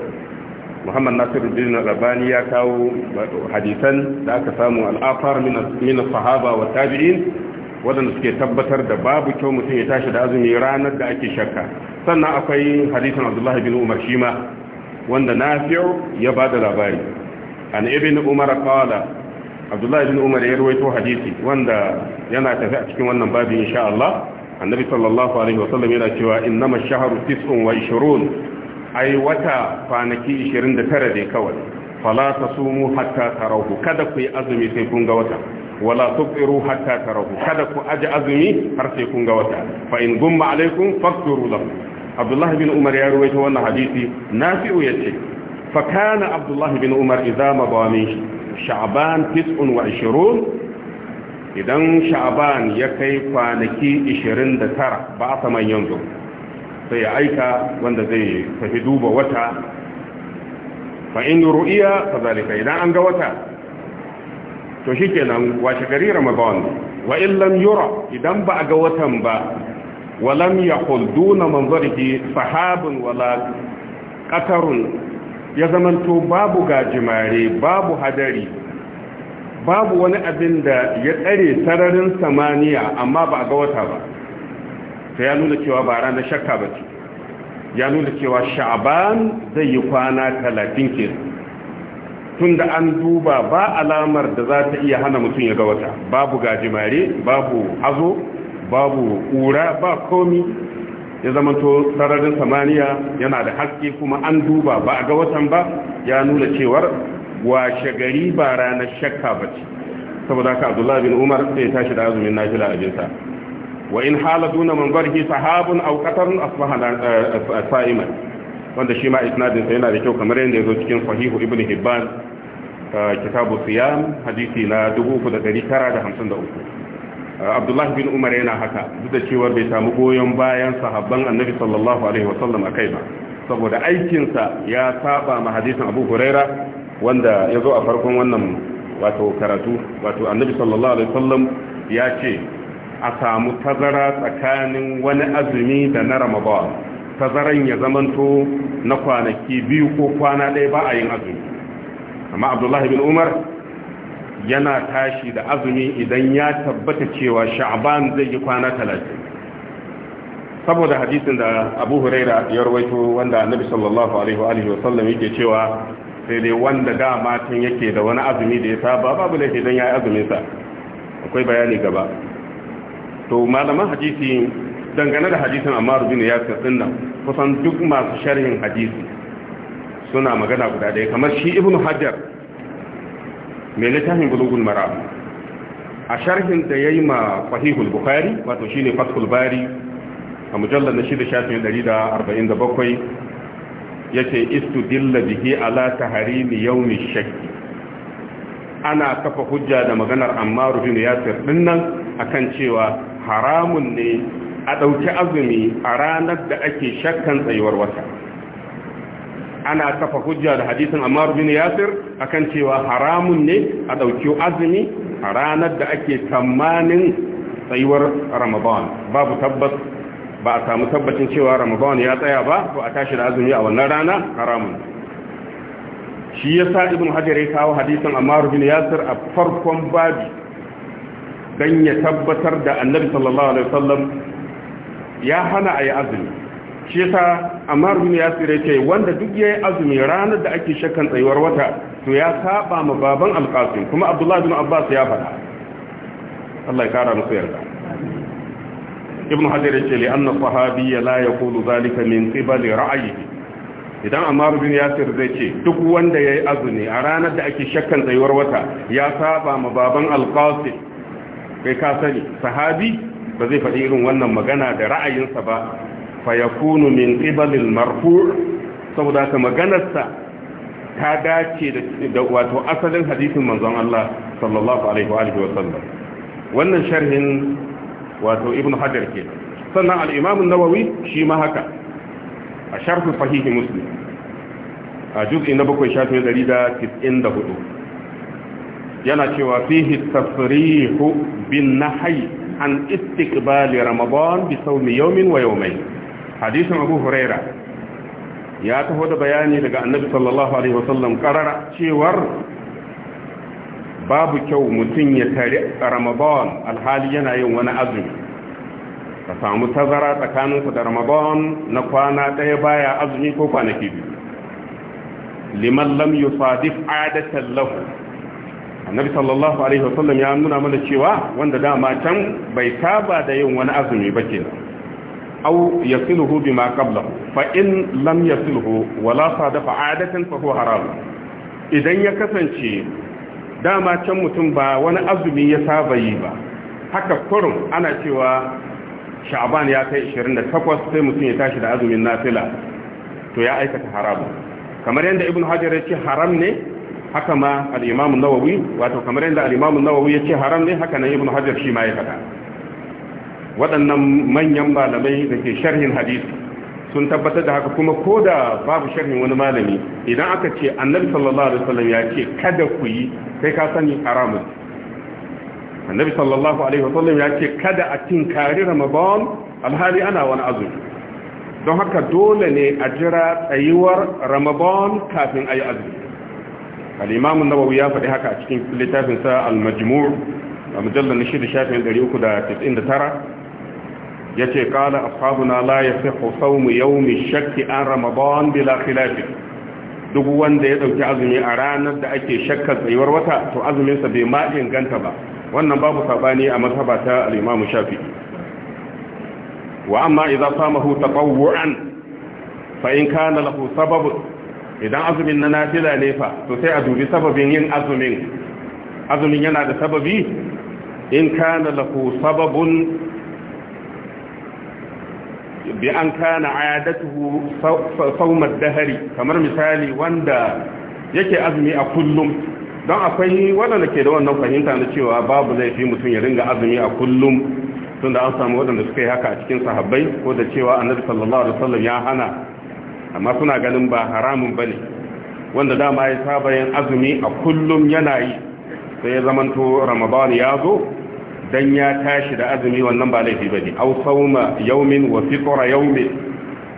muhammad nasiruddin al-albani ya kawo hadisan da aka samu al'afar min as-sahaba wa tabi'in waɗanda suke tabbatar da babu kyau mutum ya tashi da azumi ranar da ake shakka sannan akwai hadisin abdullahi bin umar shi ma wanda nafi'u ya ba da labari an na umar qala abdullahi bin umar ya ruwaito hadisi wanda yana tafi a cikin wannan babin insha Allah annabi sallallahu alaihi wa sallam yana cewa innama ash-shahru 29 ai wata kwanaki 29 ne kawai fala tasumu hatta tarahu kada ku yi azumi sai kun ga wata wala tufiru hatta tarahu kada ku aji azumi har sai kun ga wata fa in gumma alaikum fakturu lahu abdullahi bin umar ya ruwaito wannan hadisi nafi'u yace fa kana abdullahi bin umar idza madawa min sha'ban 29 idan sha'ban ya kai kwanaki 29 ba a saman yanzu sai ya aika wanda zai tafi duba wata fa in ru'iya fa idan an ga wata to shi kenan washe gari ramadan wa illan yura idan ba a ga watan ba walam yaqul duna manzarihi sahabun wala qatarun ya zamanto babu gajimare babu hadari babu wani abin da ya tsare sararin samaniya amma ba a ga wata ba ta ya nuna cewa ba ranar shakka ba ce ya nuna cewa sha'aban zai yi kwana talatin kenan tun da an duba ba alamar da za ta iya hana mutum ya ga wata babu gajimare babu hazo babu ƙura ba komi ya to sararin samaniya yana da haske kuma an duba ba a ga watan ba ya nuna cewar washe gari ba ranar shakka ba ce saboda ka abdullahi bin umar sai tashi da azumin nafila a jinsa wa in hala duna barhi sahabun aw qatarun asbahana eh, sa'iman wanda shi ma isnadin sa yana da kyau kamar yadda yazo cikin sahihu ibnu hibban kitabu siyam hadisi na 3953 abdullahi bin umar yana haka duk da cewa bai samu goyon bayan sahabban annabi sallallahu alaihi wasallam akai ba saboda aikinsa ya saba ma hadisin abu huraira wanda ya zo a farkon wannan wato karatu wato annabi sallallahu alaihi wasallam ya ce a samu tazara tsakanin wani azumi da na ramadan tazaran ya zamanto na kwanaki biyu ko kwana ɗaya ba a yin azumi amma abdullahi bin umar yana tashi da azumi idan ya tabbata cewa sha'ban zai yi kwana talatin saboda hadisin da abu huraira ya rawaito wanda annabi sallallahu alaihi wa sallam yake cewa sai dai wanda da matan yake da wani azumi da ya saba babu laifi don ya yi azuminsa akwai bayani gaba to malaman hadisi dangane da hadisin amma rubin ya tsatsin nan kusan duk masu sharhin hadisi suna magana guda ɗaya kamar shi ibn hajar mai littafin bulugul mara a sharhin da ya yi ma fahihul bukari wato shi ne fathul bari a mujallar na shida shafin 147 ya ce dilla bihi ala taharimi yaumi shakki ana kafa hujja da maganar amma rufin yasir dinnan akan cewa haramun ne a ɗauki azumi a ranar da ake shakkan tsayuwar wata ana kafa hujja da hadisin Ammar bin Yasir akan cewa haramun ne a dauki azumi a ranar da ake tsammanin tsayuwar Ramadan babu tabbas ba a samu tabbacin cewa Ramadan ya tsaya ba ko a tashi da azumi a wannan rana haramun shi yasa Ibn Hajar ya kawo hadisin Ammar bin Yasir a farkon babi dan ya tabbatar da Annabi sallallahu alaihi wasallam ya hana ayi azumi shi yasa amma rubin ya tsire ce wanda duk yayi azumi ranar da ake shakkan tsayuwar wata to ya saba ma baban alqasim kuma abdullahi ibn abbas ya faɗa Allah ya kara masa yarda ibn hadir yace li anna sahabi la yaqulu zalika min qibali ra'yihi idan amaru bin yasir zai ce duk wanda yayi azumi a ranar da ake shakkan tsayuwar wata ya saba ma baban alqasim kai ka sani sahabi ba zai faɗi irin wannan magana da ra'ayinsa ba fa yakunu min qibalil marfu' saboda ka maganarsa ta dace da wato asalin hadisin manzon Allah sallallahu alaihi wa alihi wa sallam wannan sharhin wato ibn hajar ke sannan al-imam an-nawawi shi ma haka a sharh sahih muslim a juz'i na 7 shafi 194 yana cewa fihi tasrihu bin nahyi an istiqbali ramadan bi sawmi yawmin wa yawmayn hadisin abu huraira ya taho da bayani daga annabi sallallahu alaihi wasallam karara cewar babu kyau mutum ya tare ramadan alhali yana yin wani azumi ka samu tazara tsakaninku da ramadan na kwana ɗaya baya azumi ko kwanaki biyu liman lam yusadif adatan lahu annabi sallallahu alaihi wasallam ya nuna mana cewa wanda dama can bai saba da yin wani azumi ba kenan aw yasiluhu bima qabla fa in lam yasilhu wala sadafa adatan fa huwa idan ya kasance dama can mutum ba wani azumi ya saba yi ba haka kurum ana cewa sha'ban ya kai 28 sai mutum ya tashi da azumin nafila to ya aikata haramun kamar yadda ibn hajar ya ce haram ne haka ma al nawawi wato kamar yadda al nawawi ya haram ne ibn hajar shi ma ya faɗa waɗannan manyan malamai da ke sharhin hadisi sun tabbatar da haka kuma ko da babu sharhin wani malami idan aka ce annabi sallallahu alaihi wasallam ya ce kada ku yi sai ka sani haramun annabi sallallahu alaihi wasallam ya ce kada a tinkari ramadan alhali ana wani azumi don haka dole ne a jira tsayuwar ramadan kafin ayi azumi al-imam an-nawawi ya faɗi haka a cikin littafin sa al-majmu' a mujallal yace qala ashabuna la yasihu yau mai shakki an ramadan bila khilaf duk wanda ya dauki azumi a ranar da ake shakkar tsayuwar wata to azuminsa bai ma inganta ba wannan babu sabani a mazhaba ta al-Imam shafi. wa amma idza samahu tatawwu'an fa in kana lahu idan azumin na nafila ne fa to sai a dubi sababin yin azumin azumin yana da sababi in kana lahu sababun bi an kana ayadatuhu saumar dahari kamar misali wanda yake azumi a kullum don akwai waɗanda ke da wannan fahimta na cewa babu zai fi mutum ya ringa azumi a kullum tunda an samu waɗanda suka yi haka a cikin sahabbai ko da cewa annabi sallallahu alaihi wasallam ya hana amma suna ganin ba haramun bane wanda dama ya saba yin azumi a kullum yana yi sai ya zamanto ramadan ya zo dan ya tashi da azumi wannan ba laifi bane aw sawma yawmin wa fitra yawmin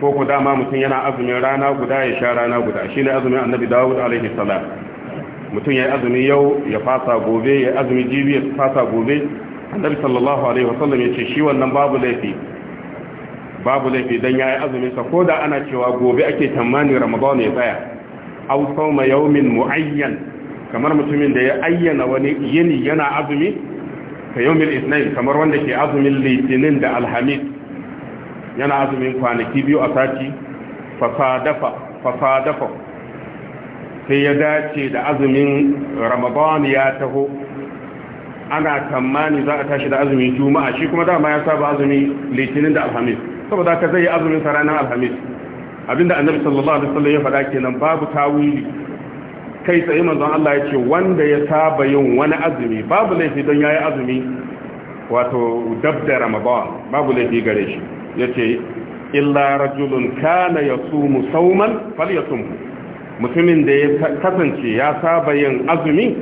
ko ku dama mutum yana azumin rana guda ya sha rana guda shine azumin annabi dawud alaihi salam mutum yayi azumi yau ya fasa gobe ya azumi jibi ya fasa gobe annabi sallallahu alaihi wasallam ce shi wannan babu laifi babu laifi dan yayi azumin sa koda ana cewa gobe ake tamani ramadan ya tsaya aw sawma yawmin muayyan kamar mutumin da ya ayyana wani yini yana azumi ka mil isnain kamar wanda ke azumin litinin da alhamis yana azumin kwanaki biyu a sati fasadafa sai ya dace da azumin ramadan ya taho ana tamani za a tashi da azumin juma'a shi kuma dama ya saba azumin litinin da alhamis saboda ka zai yi azumin sa ranar alhamis abinda annabi sallallahu alaihi wasallam ya faɗa kenan babu tawili kai tsaye manzon Allah ya ce wanda ya saba yin wani azumi babu laifi don yayi azumi wato dab da ramadan babu laifi gare shi yace illa rajulun kana yasumu ya falyasumhu mutumin da ya kasance ya saba yin azumi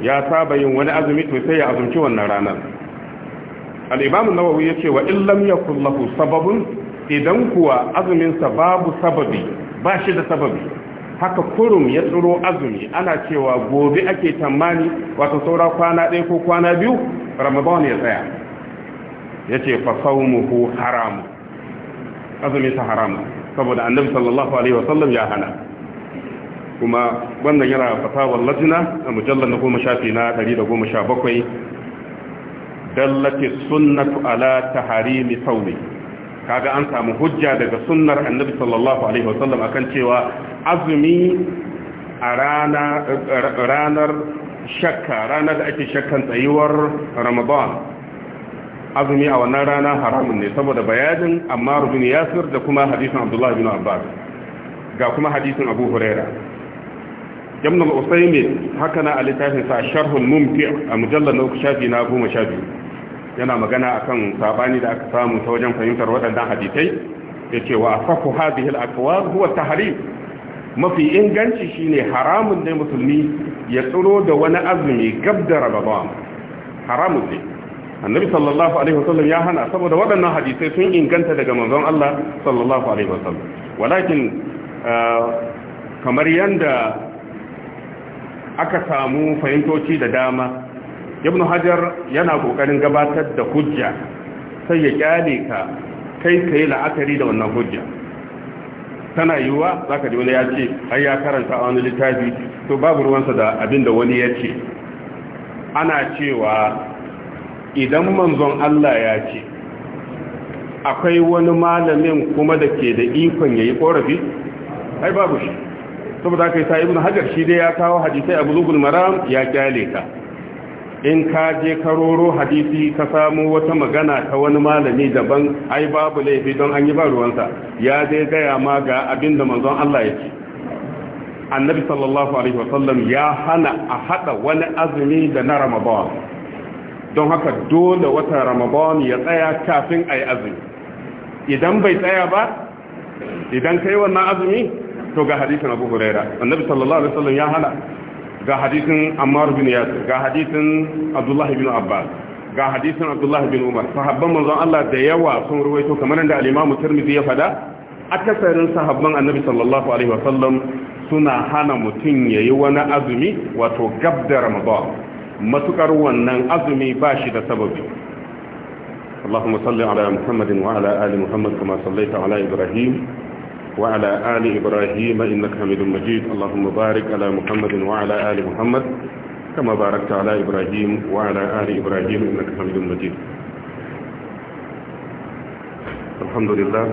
ya saba yin wani azumi to sai ya azumci wannan ranar al-imam an-nawawi yace wa illam yakul sababun idan kuwa azuminsa babu sababi ba shi da sababi haka kurum ya tsoro azumi ana cewa gobe ake tamani wato saura kwana ɗaya ko kwana biyu ramadan ya tsaya ya ce fasaumuhu haramu azumin sa haramu saboda annabi sallallahu alaihi wasallam ya hana kuma wannan yana fatawar lajina a mujallar na goma shafi na 117 dallati sunnatu ala taharimi saumi kaga an samu hujja daga sunnar annabi sallallahu alaihi wasallam akan cewa azumi a ranar shakka ranar da ake shakkan tsayuwar ramadan azumi a wannan rana haramun ne saboda bayanin amma rubin yasir da kuma hadisin abdullahi bin abbas ga kuma hadisin abu huraira jamnal usaimin haka na a littafin sa sharhul mumti a mujallar na shafi na goma sha biyu yana magana akan sabani da aka samu ta wajen fahimtar waɗannan hadisai ya ce wa asafu hadhihi al-aqwal huwa tahrim mafi inganci shine haramun ne musulmi ya tsiro da wani azumi gab da ramadan haramun ne annabi sallallahu alaihi wasallam ya hana saboda waɗannan hadisai sun inganta daga manzon Allah sallallahu alaihi wasallam walakin ah, kamar yanda aka samu fahimtoci da dama ibn hajar yana kokarin gabatar da hujja sai ya kyale ka kai kai la'akari da wannan hujja tana yiwuwa za ji wani ya ce ai ya karanta a wani littafi to babu ruwansa da abin da wani ya ce ana cewa idan manzon Allah ya ce akwai wani malamin kuma da ke da ikon ya yi ƙorafi ai babu shi saboda kai sa ibn hajar shi dai ya kawo hadisai abu bulugul maram ya kyale ka in ka je karoro hadisi ka samu wata magana ta wani malami daban ai babu laifi don an yi ba ruwansa ya dai gaya ma ga abin da manzon Allah ya ce annabi sallallahu alaihi wasallam ya hana a hada wani azumi da na ramadan don haka dole wata ramadan ya tsaya kafin ai azumi idan bai tsaya ba idan kai wannan azumi to ga hadisin abu huraira annabi sallallahu alaihi wasallam ya hana ga hadisin ammar bin yasir ga hadisin abdullahi bin abbas ga hadisin abdullahi bin umar sahabban manzon Allah da yawa sun ruwaito kamar da al-imamu tirmidhi ya fada akasarin sahabban annabi sallallahu alaihi wasallam suna hana mutum yayi wani azumi wato gab da ramadan matukar wannan azumi ba shi da sababi اللهم صل على محمد وعلى آل محمد كما صليت على إبراهيم وعلى آل إبراهيم إنك حميد مجيد اللهم بارك على محمد وعلى آل محمد كما باركت على إبراهيم وعلى آل إبراهيم إنك حميد مجيد الحمد لله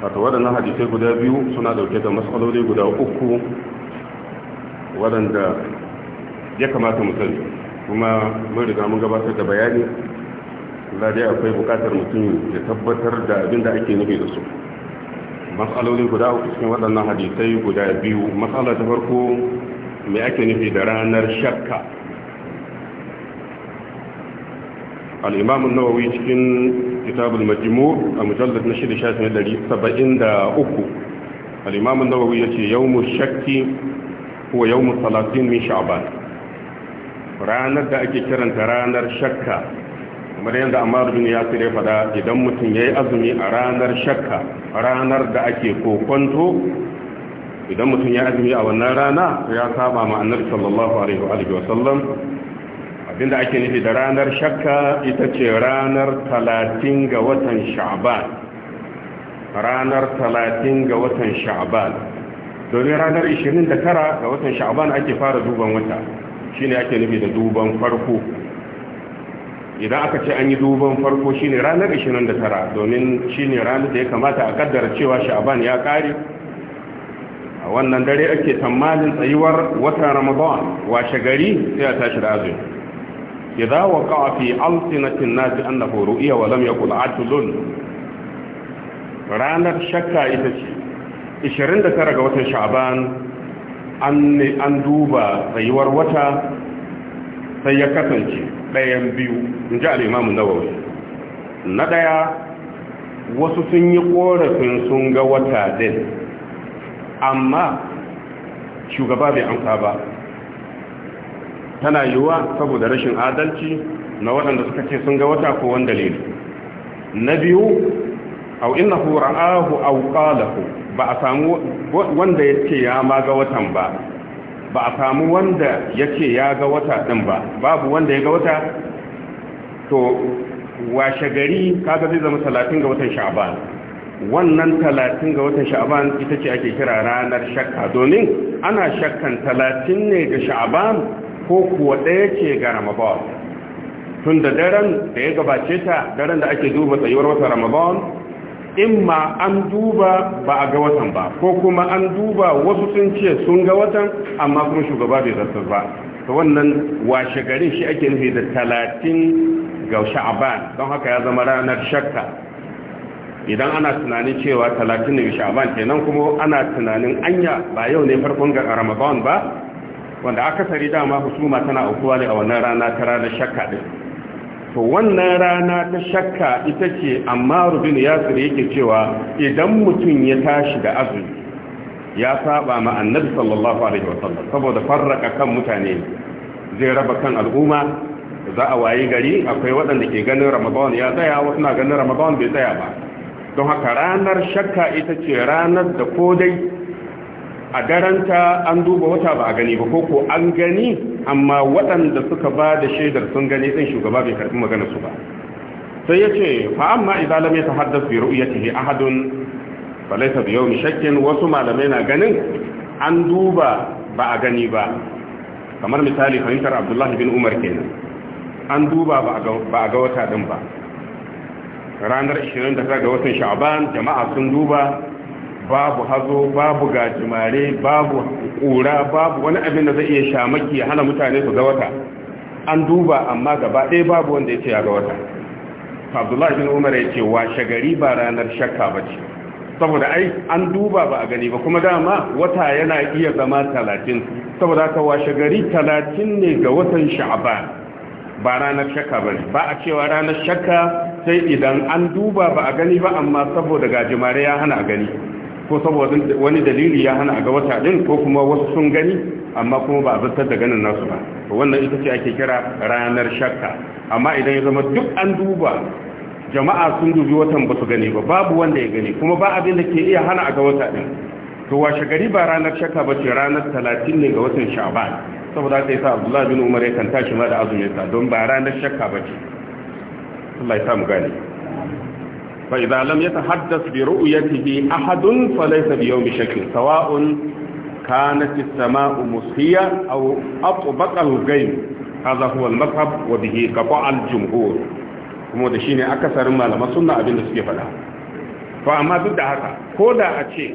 waɗannan hadisai guda biyu suna ɗauke da matsaloli guda uku waɗanda ya kamata mu sani kuma mun riga mun gabatar da bayani dai akwai buƙatar mutum ya tabbatar da abinda ake nufi da su matsaloli guda uku cikin waɗannan hadisai guda biyu matsala ta farko mai ake nufi da ranar shakka al'imamun nawawi cikin kitabul majimu a mujallar na shida sha shafin dari saba'in da uku al'imamun nawawi ya ce yawmu shakki ko yawmu talatin min sha'ban ranar da ake kiranta ranar shakka kamar yadda amar bin yasir ya fada idan mutum ya yi azumi a ranar shakka ranar da ake kokonto idan mutum ya azumi a wannan rana ya saba ma annabi sallallahu alaihi wa alihi wa sallam abinda ake nufi da ranar shakka ita ce ranar 30 ga watan sha'ban ranar 30 ga watan sha'ban domin ranar 29 ga watan sha'ban ake fara duban wata shine ake nufi da duban farko idan aka ce an yi duban farko shine ranar 29 domin shine ranar da ya kamata a kaddara cewa sha'aban ya kare a wannan dare ake tsammanin tsayuwar watan ramadan washe gari sai a tashi da azumi idza waqa'a fi alsinatin nas annahu ru'ya wa lam yaqul atlun ranar shakka ita ce 29 ga watan sha'aban an duba tsayuwar wata sai ya kasance ɗayan biyu in ji al'imamu nawawi na ɗaya wasu sun yi ƙorafin sun ga wata ɗin amma shugaba bai amsa ba tana yiwuwa saboda rashin adalci na waɗanda suka ce sun ga wata ko wanda lele na biyu au ku ra'ahu aw qalahu ba a samu wanda yake ya ma ga watan ba ba a samu wanda ya ce ya ga wata ɗin ba babu wanda ya ga wata to washe gari kaga zai zama talatin ga watan sha'aban wannan talatin ga watan sha'aban ita ce ake kira ranar shakka domin ana shakkan talatin ne ga sha'aban ko kuwa ɗaya ce ga ramadan tun da daren da ya gabace ta daren da ake duba tsayuwar wata ramadan imma an duba ba a ga watan ba ko kuma an duba wasu sun ce sun ga watan amma kuma shugaba bai zartar ba to wannan washe garin shi ake nufi da talatin ga sha'aban don haka ya zama ranar shakka idan ana tunanin cewa talatin ne sha'aban kenan kuma ana tunanin anya ba yau ne farkon ga ramadan ba wanda akasari dama husuma tana aukuwa ne a wannan rana ta ranar shakka din to wannan rana ta shakka ita ce amma rubin yasir yake cewa idan mutum ya tashi da azumi ya saba ma annabi sallallahu alaihi wasallam saboda farraka kan mutane zai raba kan al'umma za a wayi gari akwai waɗanda ke ganin ramadan ya tsaya wasu na ganin ramadan bai tsaya ba don haka ranar shakka ita ce ranar da ko dai a daranta an duba wata ba a gani ba ko ko an gani amma waɗanda suka ba da shaidar sun gani ɗin shugaba bai karɓi magana su ba sai ya ce fa amma idza ta yatahaddath bi ru'yatihi ahadun fa laysa bi yawmi shakkin wasu malamai na ganin an duba ba a gani ba kamar misali fahimtar Abdullahi bin Umar kenan an duba ba a ga wata din ba ranar 29 ga watan sha'aban jama'a sun duba babu hazo babu gajimare babu kura babu wani abin da zai iya shamaki ya hana mutane su gawata an duba amma gaba ɗaya babu wanda ya ce ya gawata abdullahi bin umar ya ce wa shagari ba ranar shakka ba ce saboda ai an duba ba a gani ba kuma dama wata yana iya zama talatin saboda haka wa shagari talatin ne ga watan sha'aban ba ranar shakka ba ne ba a cewa ranar shakka sai idan an duba ba a gani ba amma saboda gajimare ya hana gani ko saboda wani dalili ya hana a ga wata din ko kuma wasu sun gani amma kuma ba a zartar da ganin nasu ba wannan ita ce ake kira ranar shakka amma idan ya zama duk an duba jama'a sun dubi watan ba su gani ba babu wanda ya gani kuma ba abin da ke iya hana a ga wata din to washe gari ba ranar shakka ba ce ranar talatin ne ga watan sha'ban saboda ta yi sa abdullahi bin umar ya kanta shi ma da azumin sa don ba ranar shakka ba ce Allah ya samu gane fa idza lam yatahaddath bi ru'yatihi ahadun falaysa bi yawmi shakl sawa'un كانت السماء مصحية أو أطبق الغيب هذا هو المذهب وبه قطع الجمهور kuma da shi shine akasarin malama sunna abin da suke fada To amma duk da haka ko da a ce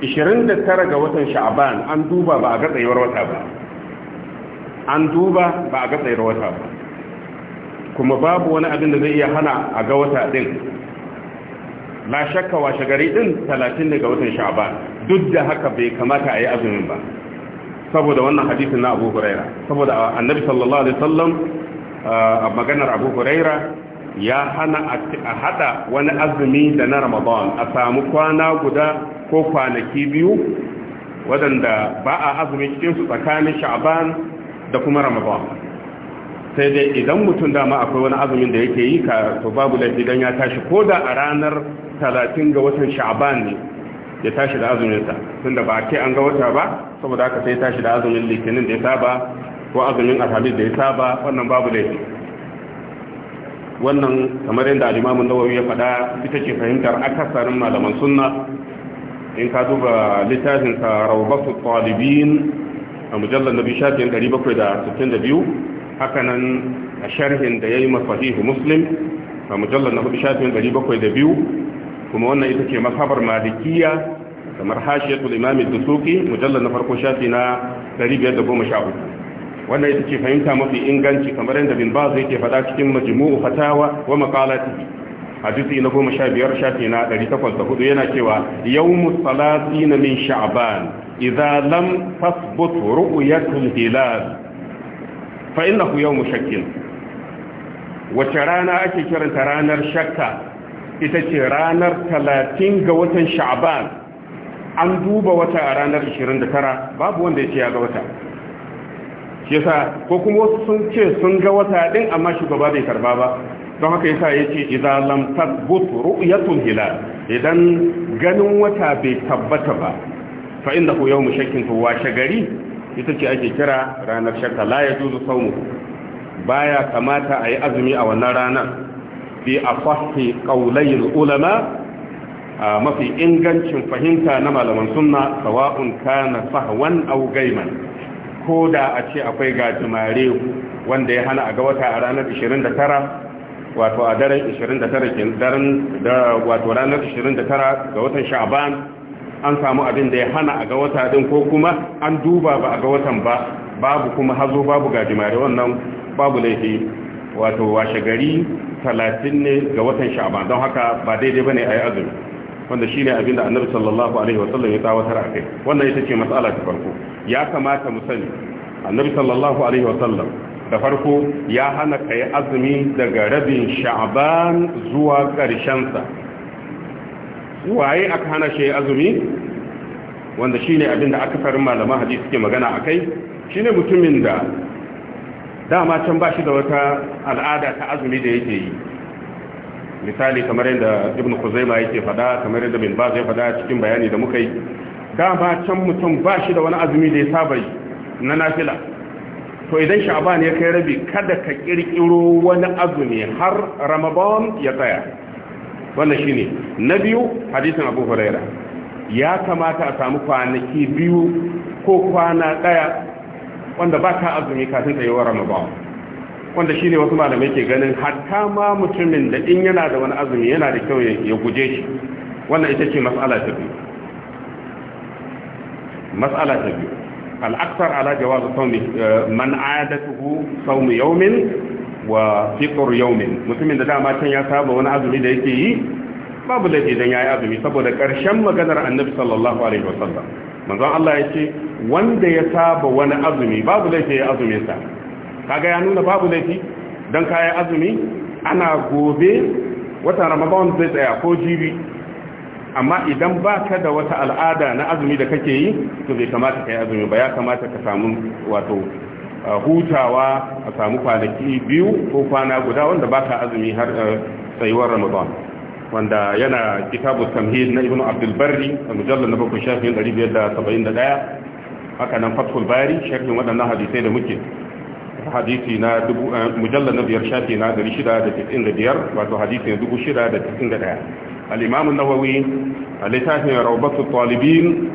29 ga watan sha'aban an duba ba a ga tsayuwar wata ba an duba ba a ga tsayuwar wata ba kuma babu wani abin da zai iya hana a ga wata din na shakka washe gari din 30 daga watan sha'ban duk da haka bai kamata a yi azumin ba saboda wannan hadisin na Abu Huraira saboda ah, annabi sallallahu alaihi wasallam ah, a maganar Abu Huraira ya hana a hada wani azumi da na Ramadan a samu kwana guda ko kwanaki biyu waɗanda ba a azumi cikin su tsakanin Sha'ban da kuma Ramadan sai dai idan mutum dama akwai wani azumin da yake yi ka to babu laifi dan ya tashi ko da a ranar talatin ga watan sha'ban ne ya tashi da azuminsa tunda ba ke an ga wata ba saboda haka sai tashi da azumin litinin da ya saba ko azumin alhamis da ya saba wannan babu laifi wannan kamar yadda alimamin nawawi ya faɗa ita ce fahimtar akasarin malaman sunna in ka duba littafin sa rawbatu talibin a mujallar nabi shafin 762 haka nan a sharhin da ya yi masahihu muslim a mujallar na shafin 702 kuma wannan ita ce masabar malikiya kamar hashiyatul imam ad-dusuki mujallal na farko shafi na 514 wannan ita ce fahimta mafi inganci kamar yadda bin baz yake faɗa cikin majmu'u fatawa wa maqalatihi hadisi na 15 shafi na 804 yana cewa yawmus salatin min sha'ban idza lam tasbut ru'yatul hilal fa innahu yawmu shakkin wace rana ake kiranta ranar shakka ita ce ranar talatin ga watan sha'aban an duba wata a ranar 29 babu wanda ya ce ya ga wata shi yasa ko kuma wasu sun ce sun ga wata din amma shugaba bai karba ba don haka yasa ce idan lam tathbut ru'yatul hilal idan ganin wata bai tabbata ba fa innahu yawmu shakkin to washe gari ita ce ake kira ranar shakka la yajuzu sawmu baya kamata ayi azumi a wannan ranar fi afahi qaulayil ulama mafi ingancin fahimta na malaman sunna sawa'un kana sahwan aw gaiman ko da a ce akwai gajimare wanda ya hana a ga wata a ranar 29 wato a daren 29 kin daren da wato ranar 29 ga watan sha'ban an samu abin da ya hana a ga wata din ko kuma an duba ba a ga watan ba babu kuma hazo babu gajimare wannan babu laifi wato washe gari talatin ne ga watan sha'aba don haka ba daidai ba ne a yi azumi wanda shi ne abinda annabi sallallahu alaihi wasallam ya tawatar a kai wannan ita ce matsala ta farko ya kamata mu sani annabi sallallahu alaihi wasallam da farko ya hana kai azumi daga rabin sha'aban zuwa ƙarshen sa waye aka hana shi azumi wanda shi ne abinda farin malaman hadisi suke magana a akai shine mutumin da dama can ba shi da wata al'ada ta azumi da yake yi misali kamar yadda ibn kuzaima yake fada kamar yadda bin baz ya fada cikin bayani da muka yi dama can mutum ba shi da wani azumi da ya saba yi na nafila to idan sha'ban ya kai rabi kada ka kirkiro wani azumi har ramadan ya tsaya wannan shine na biyu hadisin abu huraira ya kamata a samu kwanaki biyu ko kwana daya wanda ba ta azumi kafin wa ramadan wanda ne wasu malamai ke ganin hatta ma mutumin da in yana da wani azumi yana da kyau ya guje shi wannan ita ce mas'ala ta biyu mas'ala ta biyu al-aksar ala jawaz sawmi eh, man adatuhu sawmu yawmin wa fitr yawmin mutumin da dama can ya saba wani azumi da yake yi babu laifi dan yayi azumi saboda karshen maganar annabi sallallahu alaihi wasallam manzon Allah ya ce wanda ya saba wani azumi babu laifi ya azumi sa kaga ya nuna babu laifi dan kayan azumi ana gobe wata ramadan zai tsaya ko jibi amma idan ba ka da wata al'ada na azumi da kake yi to bai kamata ka yi azumi ba ya kamata ka samu wato hutawa a samu kwanaki biyu ko kwana guda wanda ba ka azumi har eh, tsayuwar ramadan wanda yana kitabu tamhid na ibnu abdul barri a mujallar na bakwai shafin 571 haka nan bari shafin waɗannan hadisai da muke hadisi na eh, mujallar na biyar shafi na 695 wato hadisi na 691 al'imamun nawawi a littafin raubatu talibin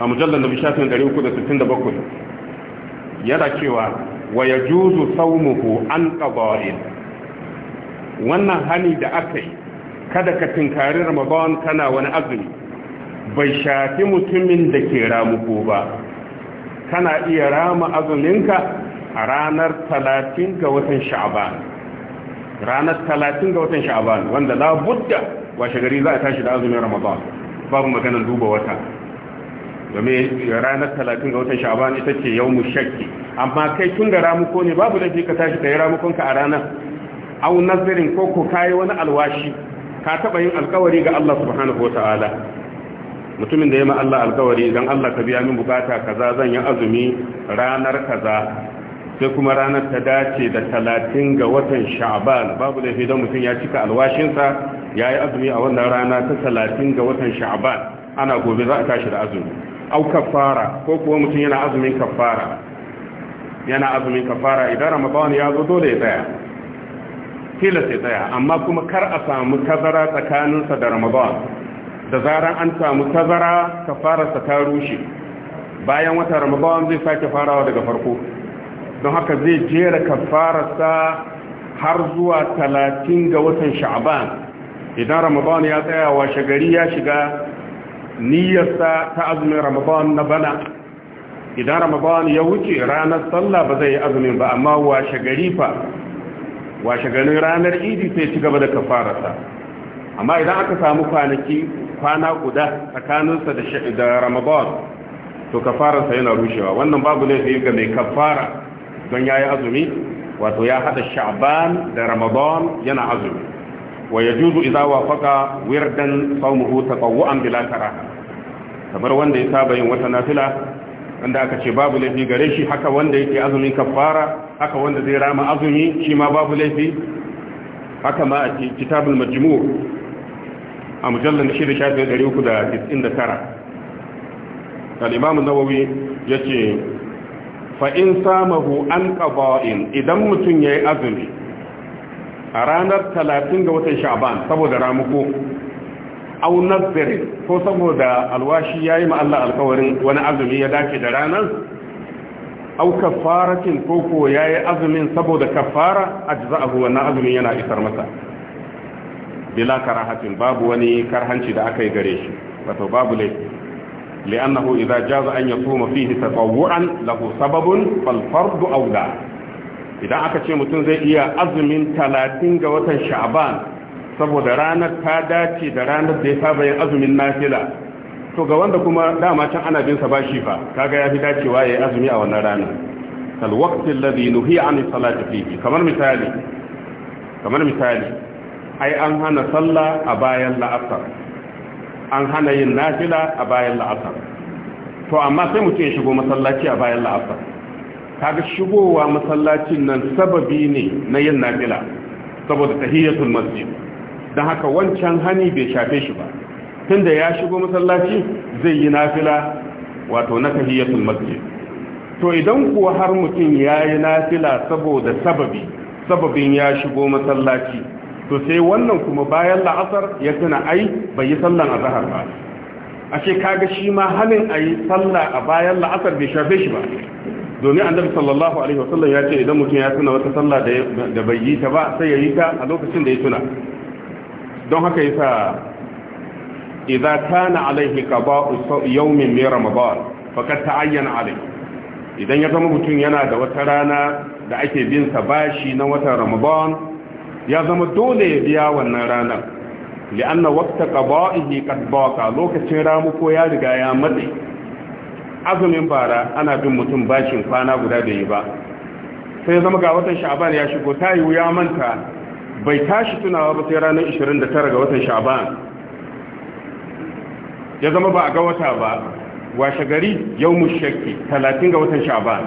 a mujallar na 367 yana cewa wa ya juzu saumuhu an ƙaba'in wannan hani da aka yi kada ka tinkari ramadan kana wani azumi bai shafi mutumin da ke ramuku ba kana iya rama azuminka a ranar talatin ga watan shaban. ranar talatin ga watan shaban wanda budda washe gari za a tashi da azumin ramadan babu maganar duba wata domin ranar talatin ga watan shaban ita ce yau mu shakki amma kai tun da ramuko ne babu da ka tashi ka yi ramukonka a ranar au nazirin ko ko kayi wani alwashi ka taba yin alkawari ga Allah subhanahu wataala mutumin da ya ma Allah alkawari idan Allah ka biya min bukata kaza zan yi azumi ranar kaza sai kuma ranar ta dace da talatin ga watan sha'ban babu da idan mutum ya cika alwashinsa ya yi azumi a wannan rana ta talatin ga watan sha'ban ana gobe za a tashi da azumi au kafara ko kuwa mutum yana azumin kafara yana azumin kafara idan ramadan ya zo dole ya tsaya kila sai tsaya amma kuma kar a samu tazara tsakaninsa da ramadan da zaran an samu tazara kafararsa ta rushe bayan wata ramadan zai sake farawa daga farko don haka zai jera kafararsa har zuwa talatin ga watan sha'aban idan ramadan ya tsaya wa shagari ya shiga niyyarsa ta azumin ramadan na bana idan ramadan ya wuce ranar sallah ba zai yi azumin ba amma wa shagari fa washe garin ranar idi sai ci gaba da kafararsa amma idan aka samu kwanaki kwana guda tsakaninsa da ramadan to kafararsa yana rushewa wannan babu ne ga mai kafara don ya yi azumi wato ya hada sha'ban da ramadan yana azumi wa ya juzu idza wafaqa wirdan sawmuhu tatawwu'an bila karaha kamar wanda ya saba yin wata nafila wanda aka ce babu laifi gare shi haka wanda yake azumin kafara haka wanda zai rama azumi shi ma babu laifi haka ma a kitabul majmu a mujallar 6,399 al-imam an-nawawi yace fa in samahu an qada'in idan mutun yayi azumi a ranar talatin ga watan sha'ban saboda ramuko au nazirin ko saboda alwashi ya yi ma'alla alkawarin wani azumi ya dace da ranar au kafaratin ko ko ya yi azumin saboda kafara a ji za'ahu wannan azumin yana isar masa bila karahatin babu wani karhanci da aka yi gare shi wato babu laifi li'annahu idza jaza an yasuma fihi tatawwu'an lahu sababun fal fardu awla idan aka ce mutum zai iya azumin 30 ga watan sha'ban saboda ranar ta dace da ranar da ya saba yin azumin nafila to ga wanda kuma dama can ana bin sa bashi fa kaga yafi dacewa yayi azumi a wannan rana kal waqti alladhi nuhiya an salati fihi kamar misali kamar misali ai an hana sallah a bayan la'asar an hana yin nafila a bayan la'asar to amma sai mutum ya shigo masallaci a bayan la'asar kaga shigowa masallacin nan sababi ne na yin nafila saboda tahiyatul masjid don haka wancan hani bai shafe shi ba tunda ya shigo masallaci zai yi nafila wato na tahiyatul masjid to idan kuwa har mutum ya yi nafila saboda sababi sababin ya shigo masallaci to sai wannan kuma bayan la'asar ya tuna ai bai yi sallan a zahar ba a ce kaga shi ma halin a salla a bayan la'asar bai shafe shi ba domin annabi sallallahu alaihi wasallam ya ce idan mutum ya tuna wata salla da bai yi ta ba sai ya yi ta a lokacin da ya tuna don haka yasa idza kana alaihi qaba'u yawmin min ramadan faqad ta'ayyana alaihi idan ya zama mutum yana da wata rana da ake bin sa bashi na watan ramadan ya zama dole ya biya wannan ranar li'anna waqta qaba'ihi qad baqa lokacin ramu ko ya riga ya matse azumin bara ana bin mutum bashin kwana guda da yi ba sai zama ga watan sha'ban ya shigo tayi ya manta bai tashi tunawa ba sai ranar 29 ga watan sha'ban ya zama ba a ga wata ba washe gari mu shakki 30 ga watan sha'ban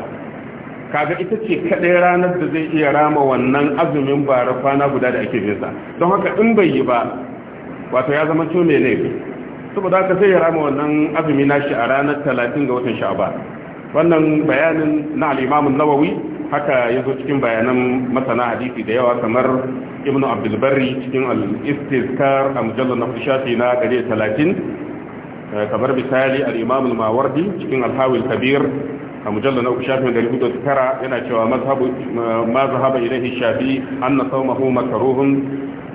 kaga ita ce kadai ranar da zai iya rama wannan azumin bara kwana guda da ake bisa don haka in bai yi ba wato ya zama to ne. laifi saboda haka sai ya rama wannan azumi nashi a ranar 30 ga watan sha'ban wannan bayanin na al-Imam an-Nawawi haka ya zo cikin bayanan masana hadisi da yawa kamar ibn abdulbari cikin al-istizkar a mujallar na shafi na gare eh, 30 kamar misali al-imam al-mawardi cikin al-hawil kabir a mujallar na shafi na gare 9 yana cewa ma zahaba ilaihi shafi anna saumahu makaruhun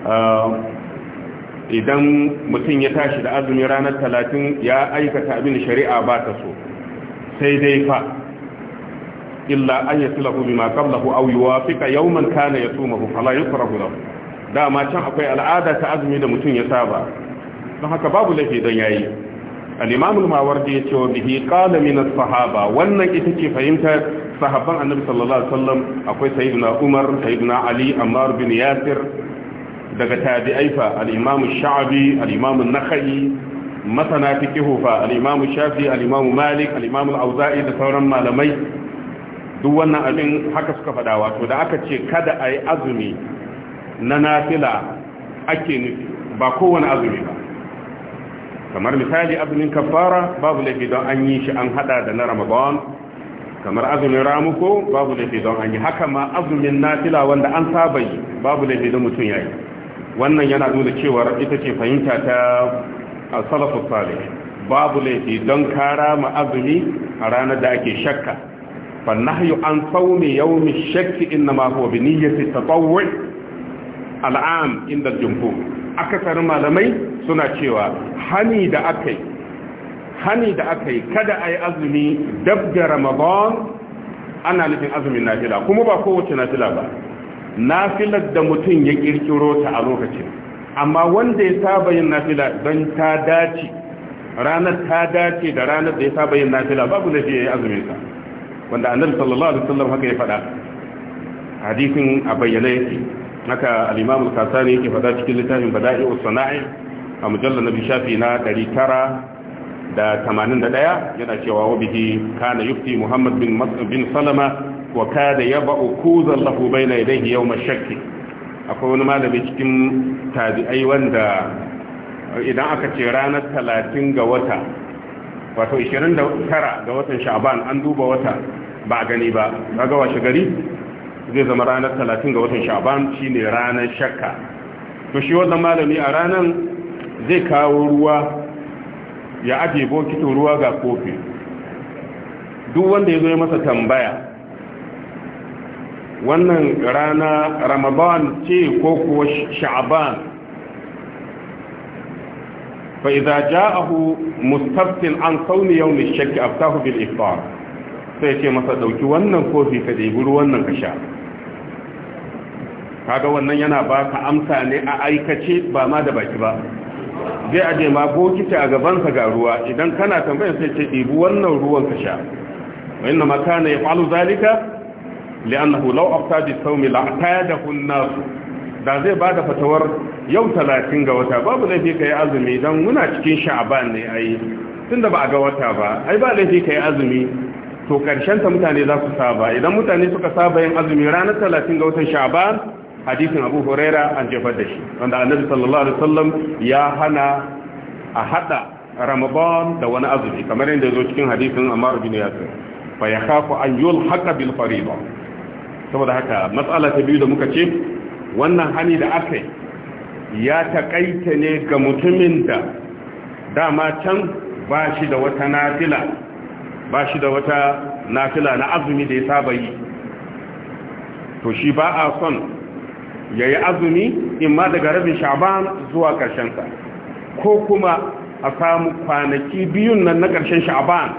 eh, idan mutum ya tashi da azumi ranar 30 ya aikata abin shari'a ba ta so sai dai fa إلا أن يصله بما قبله أو يوافق يوما كان يصومه فلا يصره له دا ما كان أقوى العادة أزمي لمتون يسابع فهك باب له إذن يأي الإمام الماوردي به قال من الصحابة وأنك إتكي فهمت صحابا النبي صلى الله عليه وسلم أقوى سيدنا عمر سيدنا علي أمار بن ياسر daga tabi'ai fa al-imam ash-sha'bi al-imam an-nakhai masana fikihu fa al-imam ash-shafi al-imam malik al-imam al-awza'i da sauran malamai duk wannan abin haka suka faɗa wato da aka ce kada a yi azumi na nafila ake nufi ba kowane azumi ba kamar misali azumin kafara babu laifi don an yi shi an hada da na ramadan kamar azumin ramuko babu laifi don an yi haka ma azumin nafila wanda an saba yi babu laifi don mutum ya yi wannan yana nuna cewa ita ce fahimta ta salafu salih babu laifi don kara ma azumi a ranar da ake shakka فالنهي عن صوم يوم الشك انما هو بنيه التطوع العام عند الجمهور اكثر ما لمي سنا تشوا هني دا اكاي هني دا اكاي كدا اي ازمي دبج رمضان انا لفي ازمي نافله أزمي با كو وتش نافله با نافله دا متين يكيرترو تعلوكة أما وان دي سابين نافلة دان تاداتي ranar ta dace da ranar da ya saba yin nafila babu da ya yi azumin sa wanda annabi sallallahu alaihi wasallam haka ya faɗa hadisin a bayyane yake haka al-imam al-kasani yake faɗa cikin littafin bada'i'us sana'i a mujallal nabi shafi na 981 yana cewa wa bihi kana yufti muhammad bin mas'ud bin salama wa kada yab'u kuzan lahu bayna yadayhi yawm ash-shakk akwai wani malami cikin tabi'ai wanda idan aka ce ranar 30 ga wata wato 29 ga watan sha'ban an duba wata ba a gani ba ga washe gari zai zama ranar 30 ga watan sha'ban shi ne ranar shakka to shi wannan malami a ranar zai kawo ruwa ya ajiye bokitin ruwa ga kofi duk wanda ya zo masa tambaya wannan rana ramadan ce ko kuwa sha'ban fa idza ja'ahu mustaftin an sauni yawmi shakki aftahu bil iftar sai ce masa ɗauki wannan kofi ka ɗebi ruwan ka sha kaga wannan yana ba ka amsa ne a aikace ba ma da baki ba zai aje ma a gabansa ga ruwa idan kana tambayar sai ce ɗebi wannan ruwan ka sha wani makana ya falu zalika li'annahu law afta bi sawmi la'tadahu an-nas da zai ba da fatawar yau talatin ga wata babu laifi ka azumi dan muna cikin sha'ban ne a yi ba a ga wata ba ai ba laifi ka azumi to karshen ta mutane za su saba idan mutane suka saba yin azumi ranar talatin ga watan sha'ban hadisin Abu Huraira an jefar da shi wanda Annabi sallallahu alaihi wasallam ya hana a hada Ramadan da wani azumi kamar yadda yazo cikin hadisin Ammar bin Yasir fa yakhafu an yulhaqa bil fariida saboda haka matsala ta biyu da muka ce wannan hani da aka ya takaita ne ga mutumin da dama can ba shi da wata nafila ba shi da wata nafila na azumi da ya saba yi to shi ba a son ya yi azumi in ma daga rabin sha'ban zuwa ƙarshensa ko kuma a samu kwanaki biyun nan na ƙarshen sha'ban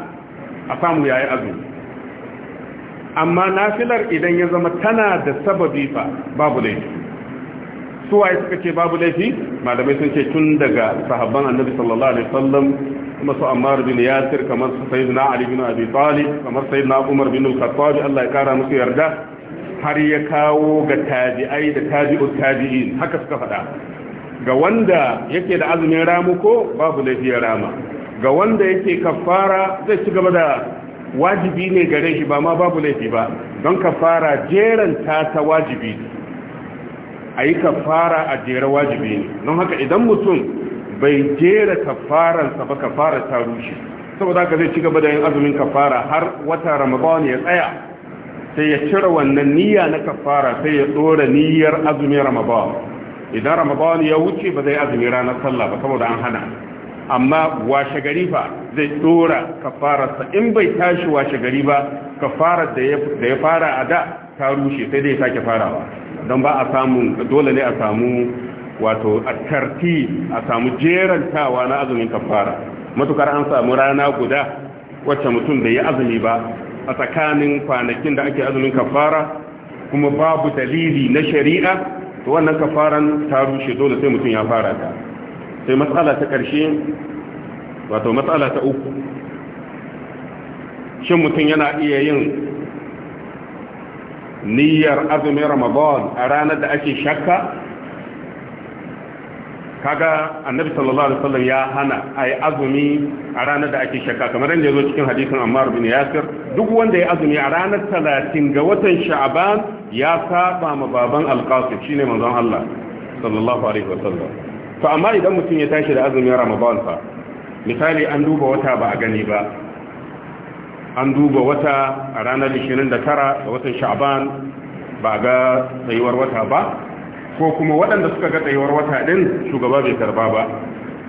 a samu ya yi azumi amma nafilar idan ya zama tana da sababi fa babu laifi suwaye suka ce babu laifi malamai sun ce tun daga sahabban annabi sallallahu alaihi wasallam kuma su ammar bin yasir kamar su sayyidina ali bin abi talib kamar sayyidina umar bin al-khattab Allah ya kara musu yarda har ya kawo ga tabi'ai da tabi'u, tabi'in haka suka faɗa ga wanda yake da azumin ramuko babu lafiyar rama ga wanda yake kafara zai ci gaba da wajibi ne gare shi ba ma babu laifi ba don kafara jeran ta ta wajibi a yi kafara a jera wajibi ne don haka idan mutum bai jera kafararsa ba kafara ta rushe saboda haka zai ci gaba da yin azumin kafara har wata ramadan ya tsaya sai ya cire wannan niyya na kafara sai ya tsora niyyar azumin ramadan idan ramadan ya wuce ba zai azumi ranar sallah ba saboda an hana amma washe gari fa zai dora kafararsa in bai tashi washe gari ba kafarar da ya fara a da ta rushe sai dai sake farawa don ba a samu dole ne a samu wato a tarti a samu jerantawa na azumin kafara matukar an samu rana guda wacce mutum da ya azumi ba a tsakanin kwanakin da ake azumin kafara kuma babu dalili na shari'a to wannan kafaran ta rushe dole sai mutum ya fara ta sai matsala ta ƙarshe wato matsala ta uku shin mutum yana iya yin niyyar azumin ramadan a ranar da ake shakka kaga annabi sallallahu alaihi wasallam ya hana ay azumi a ranar da ake shakka kamar yadda yazo cikin hadisin Ammar bin Yasir duk wanda ya azumi a ranar 30 ga watan Sha'ban ya saba ma baban Al-Qasim shine manzon Allah sallallahu alaihi wasallam to amma idan mutum ya tashi da a Ramadan fa misali an duba wata ba a gani ba an duba wata a ranar 29 ga watan Sha'ban ba ga tsayuwar wata ba ko kuma waɗanda suka ga tsayuwar wata ɗin shugaba bai karba ba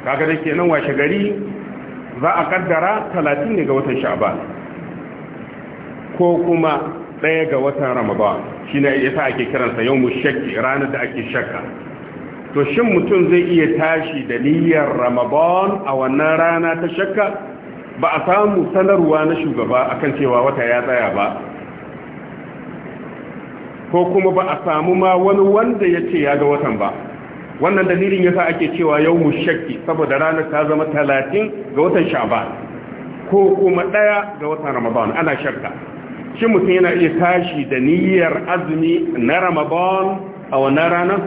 kaga da kenan washe gari za a kaddara talatin ne ga watan sha'ban ko kuma ɗaya ga watan ramadan shine yasa ake kiransa yau mu shakki ranar da ake shakka to shin mutum zai iya tashi da niyyar ramadan a wannan rana ta shakka ba a samu sanarwa na shugaba akan cewa wata ya tsaya ba ko kuma ba a samu ma wani wanda ya ce ya ga watan ba wannan dalilin yasa ake cewa yau mu shakki saboda ranar ta zama talatin ga watan sha'ban ko kuma ɗaya ga watan ramadan ana shakka shi mutum yana iya tashi da niyyar azumi na ramadan a wannan ranar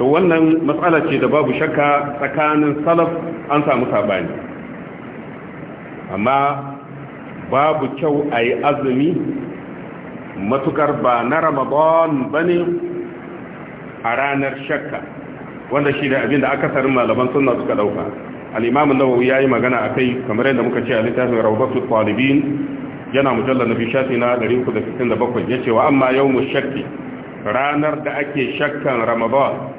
to wannan matsala ce da babu shakka tsakanin salaf an samu sabani amma babu kyau a yi azumi matukar ba na ramadan ba ne a ranar shakka wanda shi da abin da akasarin malaman sunna suka dauka al'imamun nawawi ya yi magana a kai kamar yadda muka ce a littafin rawbatu talibin yana mujallar na bishafi na 367 ya ce wa amma yau mu shakki ranar da ake shakkan ramadan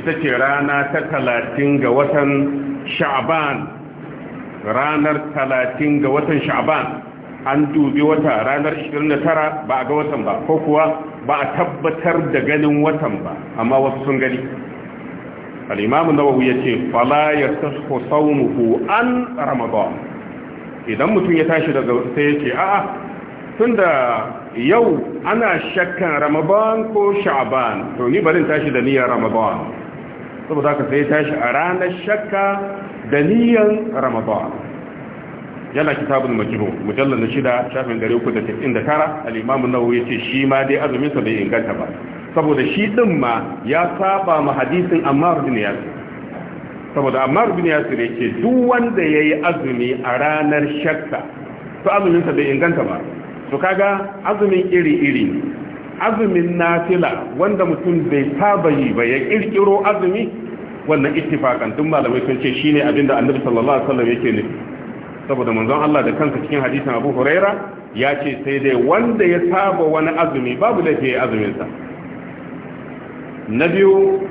ita ce rana ta talatin ga watan sha'aban ranar talatin ga watan sha'aban an dubi wata ranar 29 ba a ga watan ba ko kuwa ba a tabbatar da ganin watan ba amma wasu sun gani al'imamu nawawi ya ce fala ya tasko an ramadan idan mutum ya tashi daga sai ya ce a'a tun da yau ana shakkan ramadan ko sha'aban to ni barin tashi da niyyar ramadan saboda ka sai ya tashi a ranar shakka da niyyar ramadan yana kitabul majmu mujallal na shida shafin gare ku da da tara al-imam an-nawawi yace shi ma dai azumin sa bai inganta ba saboda shi din ma ya saba ma hadisin ammar bin yasir saboda ammar bin yasir yake duk wanda yayi azumi a ranar shakka to azumin sa bai inganta ba to kaga azumin iri iri azumin nafila wanda mutum bai saba yi ba ya kirkiro azumi wannan ittifakan duk malamai sun ce shine abinda annabi sallallahu alaihi wasallam yake nufi saboda manzon Allah da kansa cikin hadisin Abu Huraira ya ce sai dai wanda ya saba wani azumi babu da azuminsa na biyu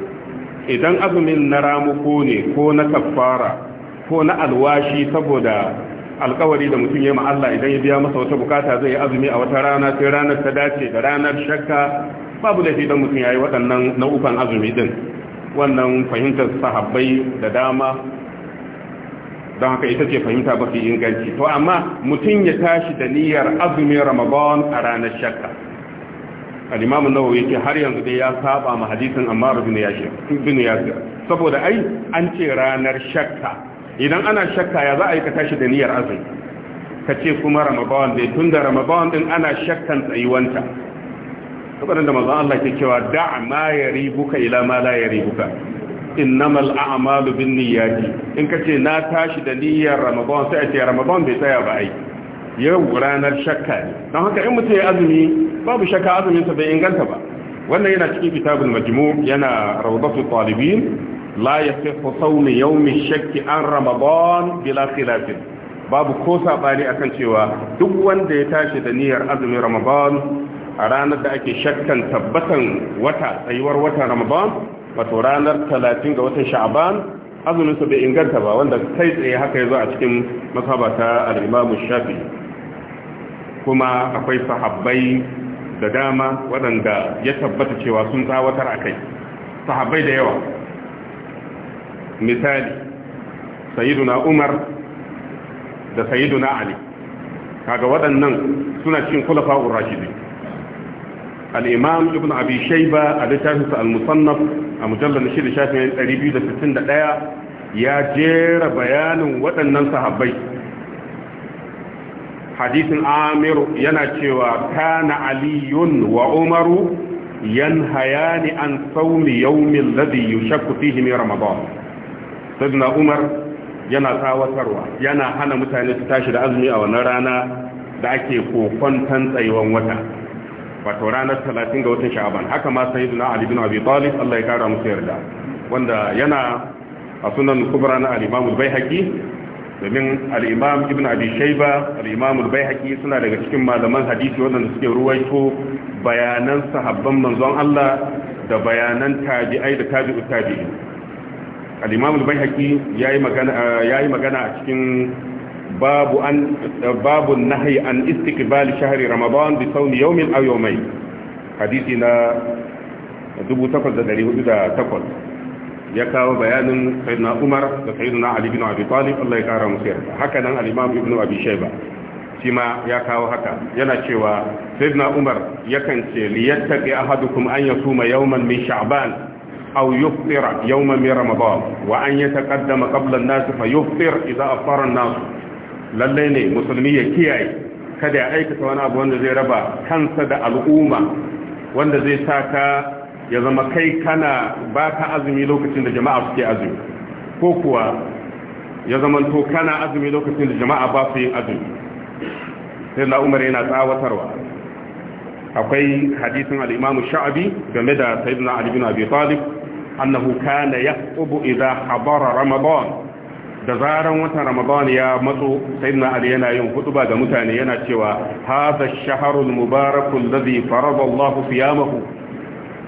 idan azumin na ramuko ne ko na kafara ko na alwashi saboda alkawari da mutum ya Allah idan ya biya masa wata bukata zai yi azumi a wata rana sai ranar ta dace da ranar shakka babu da idan mutum ya yi waɗannan nau'ukan azumi din wannan fahimtar sahabbai da dama don haka ita ce fahimta ba inganci to amma mutum ya tashi da niyyar azumin ramadan a ranar shakka al-imam yake har yanzu dai ya saba ma hadisin ammar ibn yasir ibn yasir saboda ai an ce ranar shakka idan ana shakka ya za a yi ka tashi da niyyar azumi ka ce kuma ramadan dai tunda ramadan din ana shakkan tsayuwanta saboda da mazan Allah ke cewa da'a ma ribuka ila ma la yaribuka innamal a'malu binniyati in kace na tashi da niyyar ramadan sai a ce ramadan bai tsaya ba ai yau ranar shakka ne don haka in mutum ya azumi babu shakka azuminsa bai inganta ba wannan yana cikin kitabul majmu yana rawdatu talibin la yasihu sawm yawm ash-shakki an ramadan bila khilaf babu ko sabani akan cewa duk wanda ya tashi da niyyar azumin ramadan a ranar da ake shakkan tabbatan wata tsayuwar watan ramadan wato ranar talatin ga watan sha'aban azuminsa bai inganta ba wanda kai tsaye haka ya zo a cikin masabata al'imamu shafi kuma akwai sahabbai da dama waɗanda ya tabbata cewa sun tsawatar a kai sahabbai da yawa misali sayiduna umar da sayiduna ali kaga waɗannan suna cikin kulafa urashidi al'imam ibn abi shaiba a littafinsa al-musannaf a mujallar na shida da ɗaya ya jera bayanin waɗannan sahabbai hadisin amiru yana cewa kana aliyun wa umaru hayani an saumi yawmin ladhi yushakku fihi min ramadan sayyidina umar yana tsawatarwa yana hana mutane su tashi da azumi a wannan rana da ake kokon tsayuwan wata wato ranar 30 ga watan sha'aban haka ma sayyiduna ali bin abi talib Allah ya kara musu yarda wanda yana a sunan kubra na al-imam al domin al-imam ibn abi shayba al-imam al suna daga cikin malaman hadisi wanda suke ruwaito bayanan sahabban manzon Allah da bayanan tabi'ai da tabi'u tabi'i al-imam al yayi magana yayi magana a cikin babu an babu nahyi an istiqbal shahri ramadan bi sawmi yawmin aw yawmayn hadisi na 8408 ya kawo bayanin sayyidina Umar da sayyidina Ali bin Abi Talib Allah ya kara musu yarda haka nan Ibn Abi Shayba ya kawo haka yana cewa sayyidina Umar yakan ce liyattaqi kuma an ya yawman min sha'ban أو يفطر يوما من رمضان وأن يتقدم قبل الناس فيفطر إذا أفطر الناس Lallai ne musulmi ya kiyaye kada ya aikata wani abu wanda zai raba kansa da al'umma wanda zai sa ka ya zama kai kana ba ka azumi lokacin da jama'a suke azumi ko kuwa ya zama to kana azumi lokacin da jama'a ba su yin azumi sai na umar yana tsawatarwa akwai hadisin al'imamu sha'abi game da sayyidina ali bin abi talib annahu kana yaqubu idha habara ramadan da zaran watan ramadan ya matso sayyidina ali yana yin hutuba ga mutane yana cewa hadha ash-shahrul mubarakul ladhi farada Allah siyamahu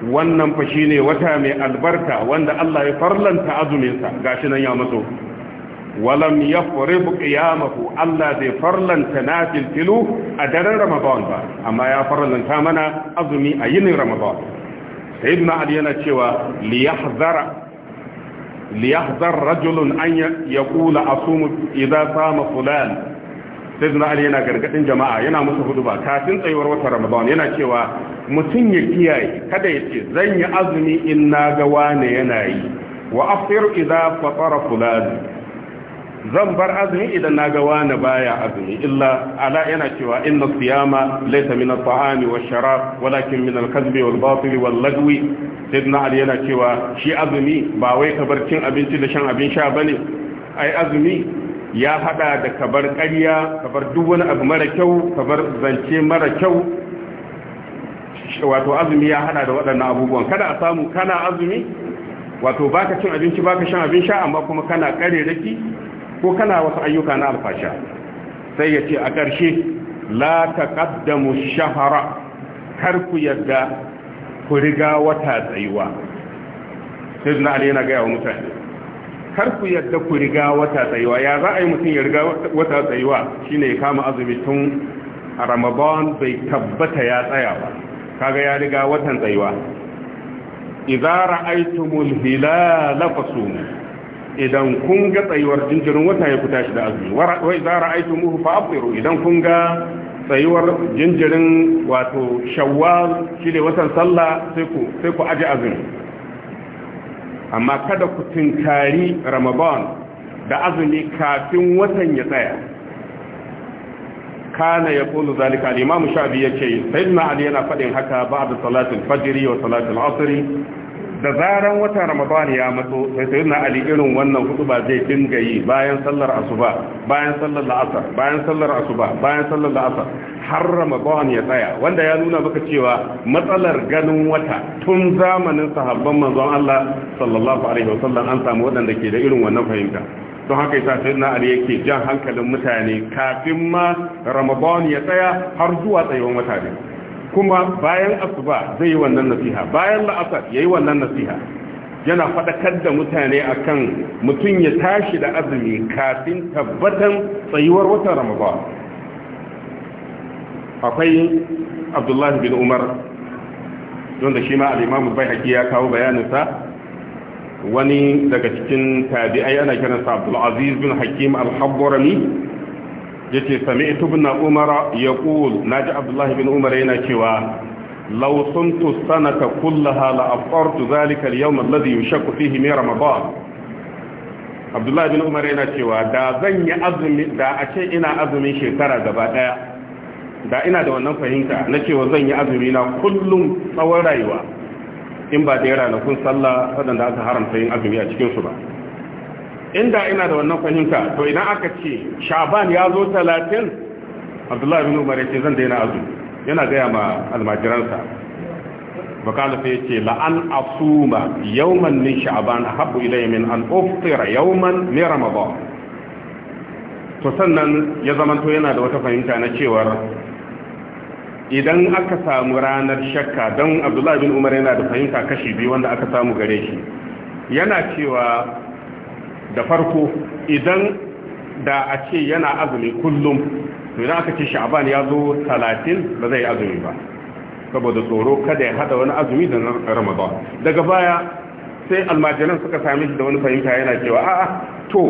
wannan fa shine wata mai albarka wanda Allah ya farlanta azumin sa gashi nan ya matso walam yafrib qiyamahu Allah zai farlanta nafil filu a daren ramadan ba amma ya farlanta mana azumi a yinin ramadan sayyidina ali yana cewa liyahzara liyahzar rajulun an yaqula asumu idza sama fulan sayyidina ali yana gargadin jama'a yana musu huduba kafin tsayuwar watan ramadan yana cewa mutum ya kiyaye kada ya ce zan yi azumi in na ga wane yana yi wa afir idza fatara fulan zan bar azumi idan na ga wani baya azumi illa ala yana cewa inna siyama laysa min at-ta'ami wash-sharab walakin min al-kadhbi wal-batil wal-lagwi sidna ali yana cewa shi azumi ba wai kabar cin abinci da shan abin sha bane ai azumi ya hada da kabar ƙarya kabar duk wani abu mara kyau kabar zance mara kyau wato azumi ya hada da waɗannan abubuwan kada a samu kana azumi wato baka cin abinci baka shan abin sha amma kuma kana kare raki ko kana wasu ayyuka na alfasha sai ya ce a ƙarshe la ta ƙaddamu shahara kar ku yadda ku riga wata tsayuwa sai zina ali yana gaya wa mutane kar ku yadda ku riga wata tsayuwa ya za a yi mutum ya riga wata tsayuwa Shi ne kama azumi tun a ramadan bai tabbata ya tsaya ba kaga ya riga watan tsayuwa idara aitumul hilala fasumu idan kun ga tsayuwar jinjirin wata ya fita shi da azumi wa idza ra'aytumuhu fa afiru idan kun ga tsayuwar jinjirin wato shawwal shine watan sallah sai ku sai ku aje azumi amma kada ku tinkari ramadan da azumi kafin watan ya tsaya kana ya yaqulu zalika al-imam shafi yace sayyidina ali yana fadin haka ba'da salatul fajr wa salatul asr da zaran wata ramadan ya mato, sai sai na ali irin wannan hudu ba zai dinga yi bayan sallar asuba bayan sallar la'asar bayan sallar asuba bayan sallar la'asar har ramadan ya tsaya wanda ya nuna maka cewa matsalar ganin wata tun zamanin sahabban manzon Allah sallallahu alaihi wasallam an samu waɗanda ke da irin wannan fahimta don haka yasa sai na ali yake jan hankalin mutane kafin ma ramadan ya tsaya har zuwa tsayuwar wata ne kuma bayan asuba zai yi wannan nasiha bayan la'asar yi wannan nasiha yana faɗakar da mutane akan mutum ya tashi da azumi kafin tabbatan tsayuwar watan ramadan akwai abdullahi bin umar don da shi ma al'imamu bai haƙi ya kawo bayaninsa wani daga cikin tabi'ai ana kiransa abdulaziz bin hakim al yace sami'tu ibn umara na ji abdullahi bin umar yana cewa law suntu sanata hala a afqartu zalika al-yawm alladhi yushakku fihi min ramadan abdullahi bin umar yana cewa da zan yi azumi da a ce ina azumin shekara gaba ɗaya da ina da wannan fahimta na cewa zan yi azumi na kullum tsawon rayuwa in ba da ranakun sallah waɗanda aka haramta yin azumi a cikinsu ba inda ina da wannan fahimta to idan aka ce shaban ya zo talatin abdullahi bin umar yake zan daina azu yana gaya ma almajiransa bakala sai yace la an asuma yawman min sha'ban habu ilayya min an uftira yawman min ramadan to sannan ya zamanto yana da wata fahimta na cewa idan aka samu ranar shakka dan abdullahi bin umar yana da fahimta kashi biyu wanda aka samu gare shi yana cewa da farko idan da a ce yana azumi kullum to idan aka ce sha'ban ya zo 30 ba zai azumi ba saboda tsoro kada ya hada wani azumi da ramadan daga baya sai almajiran suka sami shi da wani fahimta yana cewa a'a to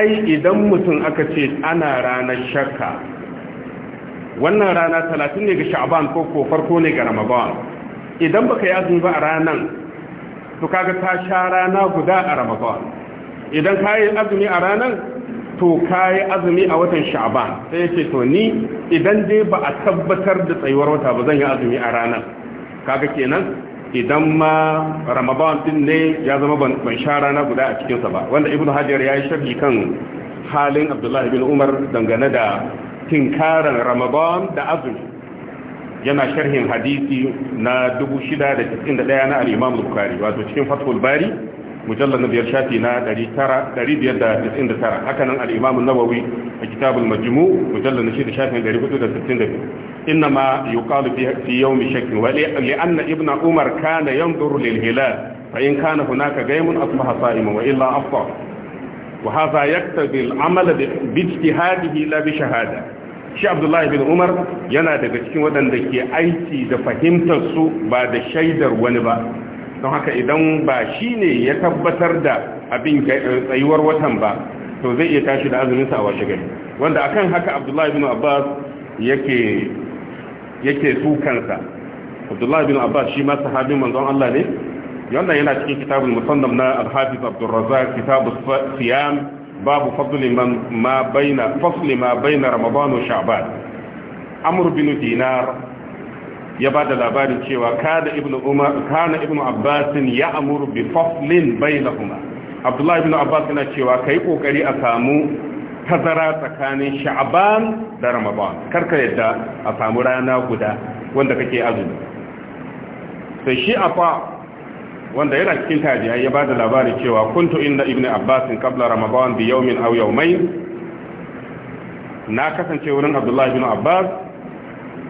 ai idan mutum aka ce ana ranar shakka wannan rana 30 ne ga sha'ban ko ko farko ne ga ramadan idan baka yi azumi ba a ranan to kaga ta sha rana guda a ramadan idan ka yi azumi a ranar to ka yi azumi a watan Sha'aba sai ya to ni idan dai ba a tabbatar da tsayuwar wata ba zan yi azumi a ranar kaga kenan idan ma ramadan din ne ya zama ban sha rana guda a cikinsa ba wanda ibnu hajar ya yi sharhi kan halin abdullahi bin umar dangane da tinkaran ramadan da azumi yana sharhin hadisi na 691 na al'imam bukari bukhari wato cikin fathul bari mujallar na biyar shafi na 599 hakanan al'imamu nawawi a kitabul mujallar na shida shafin 462 inna ma yi kalu fi yau mai shakin wa li'anna ibn umar kana yan duru lil hilal fa in kana hunaka gaimun asbaha sa'ima wa illa afwa wa hadha yaktabi al-amal shahada shi abdullahi bin umar yana daga cikin waɗanda ke aiki da fahimtar su ba da shaidar wani ba don haka idan ba shi ne ya tabbatar da abin eh, tsayuwar watan ba to zai iya tashi da azumin sa a washe gari wanda akan haka abdullahi bin abbas yake yake abdullahi bin abbas shi ma sahabin manzon Allah ne wannan yana cikin kitabul musannaf na alhafiz hafiz abdurrazzaq kitabus siyam babu fadli man ma baina fasli ma baina ramadan wa sha'ban amr bin dinar ya ba da labarin cewa kana ibnu Abbasin ya amuru bi faslin bainahuma abdullahi ibnu abbas yana cewa yi kokari a samu tazara tsakanin sha'ban da ramadan karka yadda a samu rana guda wanda kake azumi sai shi afa wanda yana cikin tabi'ai ya ba da labarin cewa kuntu inda ibnu abbas qabla ramadan bi yawmin aw yawmayn na kasance wurin abdullahi ibnu abbas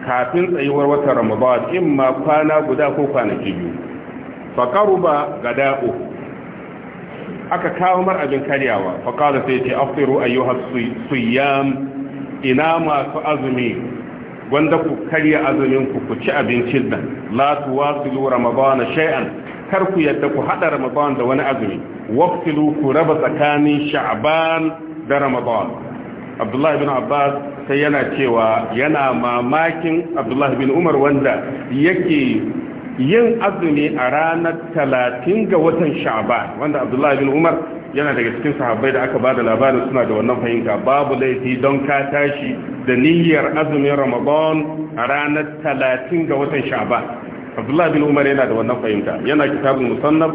kafin tsayuwar wata ramadan in ma kwana guda ko kwanaki biyu faƙaru ba ga da'o aka kawo mar abin karyawa faƙaru sai ce afiru har suyam ina masu azumi wanda ku karya azumin ku ci abincin nan la tuwasilu ramadana shay'an kar ku yadda ku haɗa ramadan da wani azumi waqtilu ku raba tsakanin sha'ban da ramadan abdullahi bin abbas sai yana cewa yana mamakin abdullahi bin umar wanda yake yin azumi a ranar talatin ga watan sha'ban wanda abdullahi bin umar yana daga cikin sahabbai da aka bada labarin suna da wannan fahimta babu laifi don ka tashi da niyyar azumin ramadan a ranar talatin ga watan sha'ban abdullahi bin umar yana da wannan fahimta yana kitabin musannaf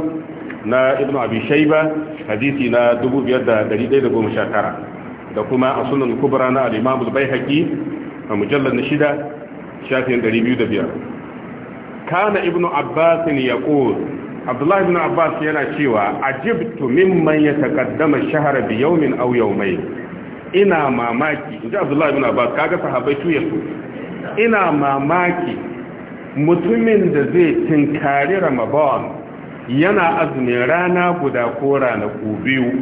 na ibn abi shayba hadisi na 2119 da kuma a sunan kubra na al’imamu bai haƙi a mujallar na shida shafin 205 kana ibnu abbas ya yaqul abdullahi ibn abbas yana cewa a ajibtu mimman takaddama shahra bi min auyau mai. ina mamaki inji abdullahi ibn abbas kaga sahabbai tuya su ina mamaki mutumin da zai tinkari ramadan yana azumin rana guda ko ranaku biyu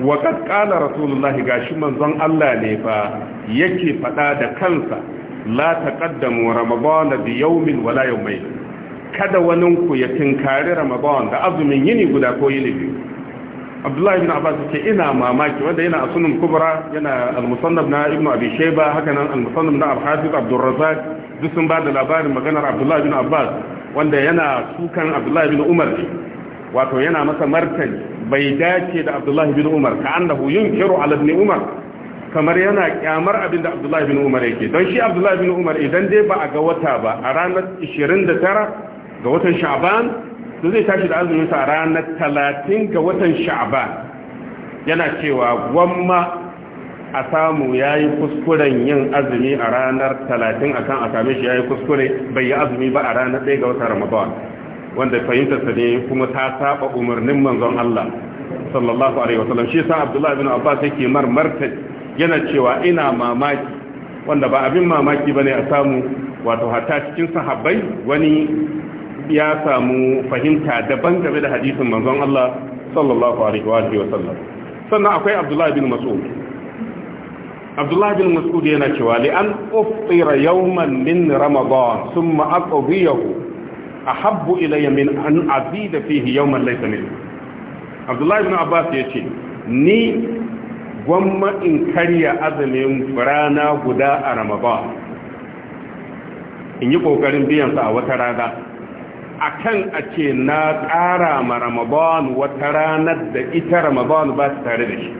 wa kad rasulullahi gashi manzon Allah ne fa yake faɗa da kansa la taqaddamu ramadan bi yawmin wala yawmayn kada wani ku ya tinkari ramadan da azumin yini guda ko yini biyu Abdullahi ibn Abbas ce ina mamaki wanda yana a sunan kubra yana al-musannaf na Ibnu Abi Shayba haka nan al-musannaf na Al-Hafiz duk sun ba da labarin maganar Abdullahi ibn Abbas wanda yana sukan Abdullahi ibn Umar wato yana masa martani bai dace da abdullahi bin umar ka annahu yunkiru ala ibn umar kamar yana kyamar abin da abdullahi bin umar yake don shi abdullahi bin umar idan dai ba a ga wata ba a ranar 29 ga watan sha'ban to zai tashi da azumin sa ranar 30 ga watan sha'ban yana cewa gwamma a samu yayi kuskuren yin azumi a ranar 30 akan a same shi yayi kuskure bai yi azumi ba a ranar 1 ga watan ramadan wanda fahimtarsa ne kuma ta saba umarnin manzon Allah sallallahu alaihi wasallam shi sa Abdullah ibn Abbas yake marmarta yana cewa ina mamaki wanda ba abin mamaki bane a samu wato hatta cikin sahabbai wani ya samu fahimta daban game da hadisin manzon Allah sallallahu alaihi wasallam sannan akwai Abdullah ibn Mas'ud Abdullah ibn Mas'ud yana cewa li an uftira yawman min Ramadan thumma aqdiyahu ahabbu ilayya min an azida fihi yawman laysa min Abdullahi ibn Abbas ce ni gwamma in karya azumin rana guda a Ramadan in yi kokarin biyan sa a wata rana akan a ce na ƙara ma Ramadan wata ranar da ita Ramadan ba ta tare da shi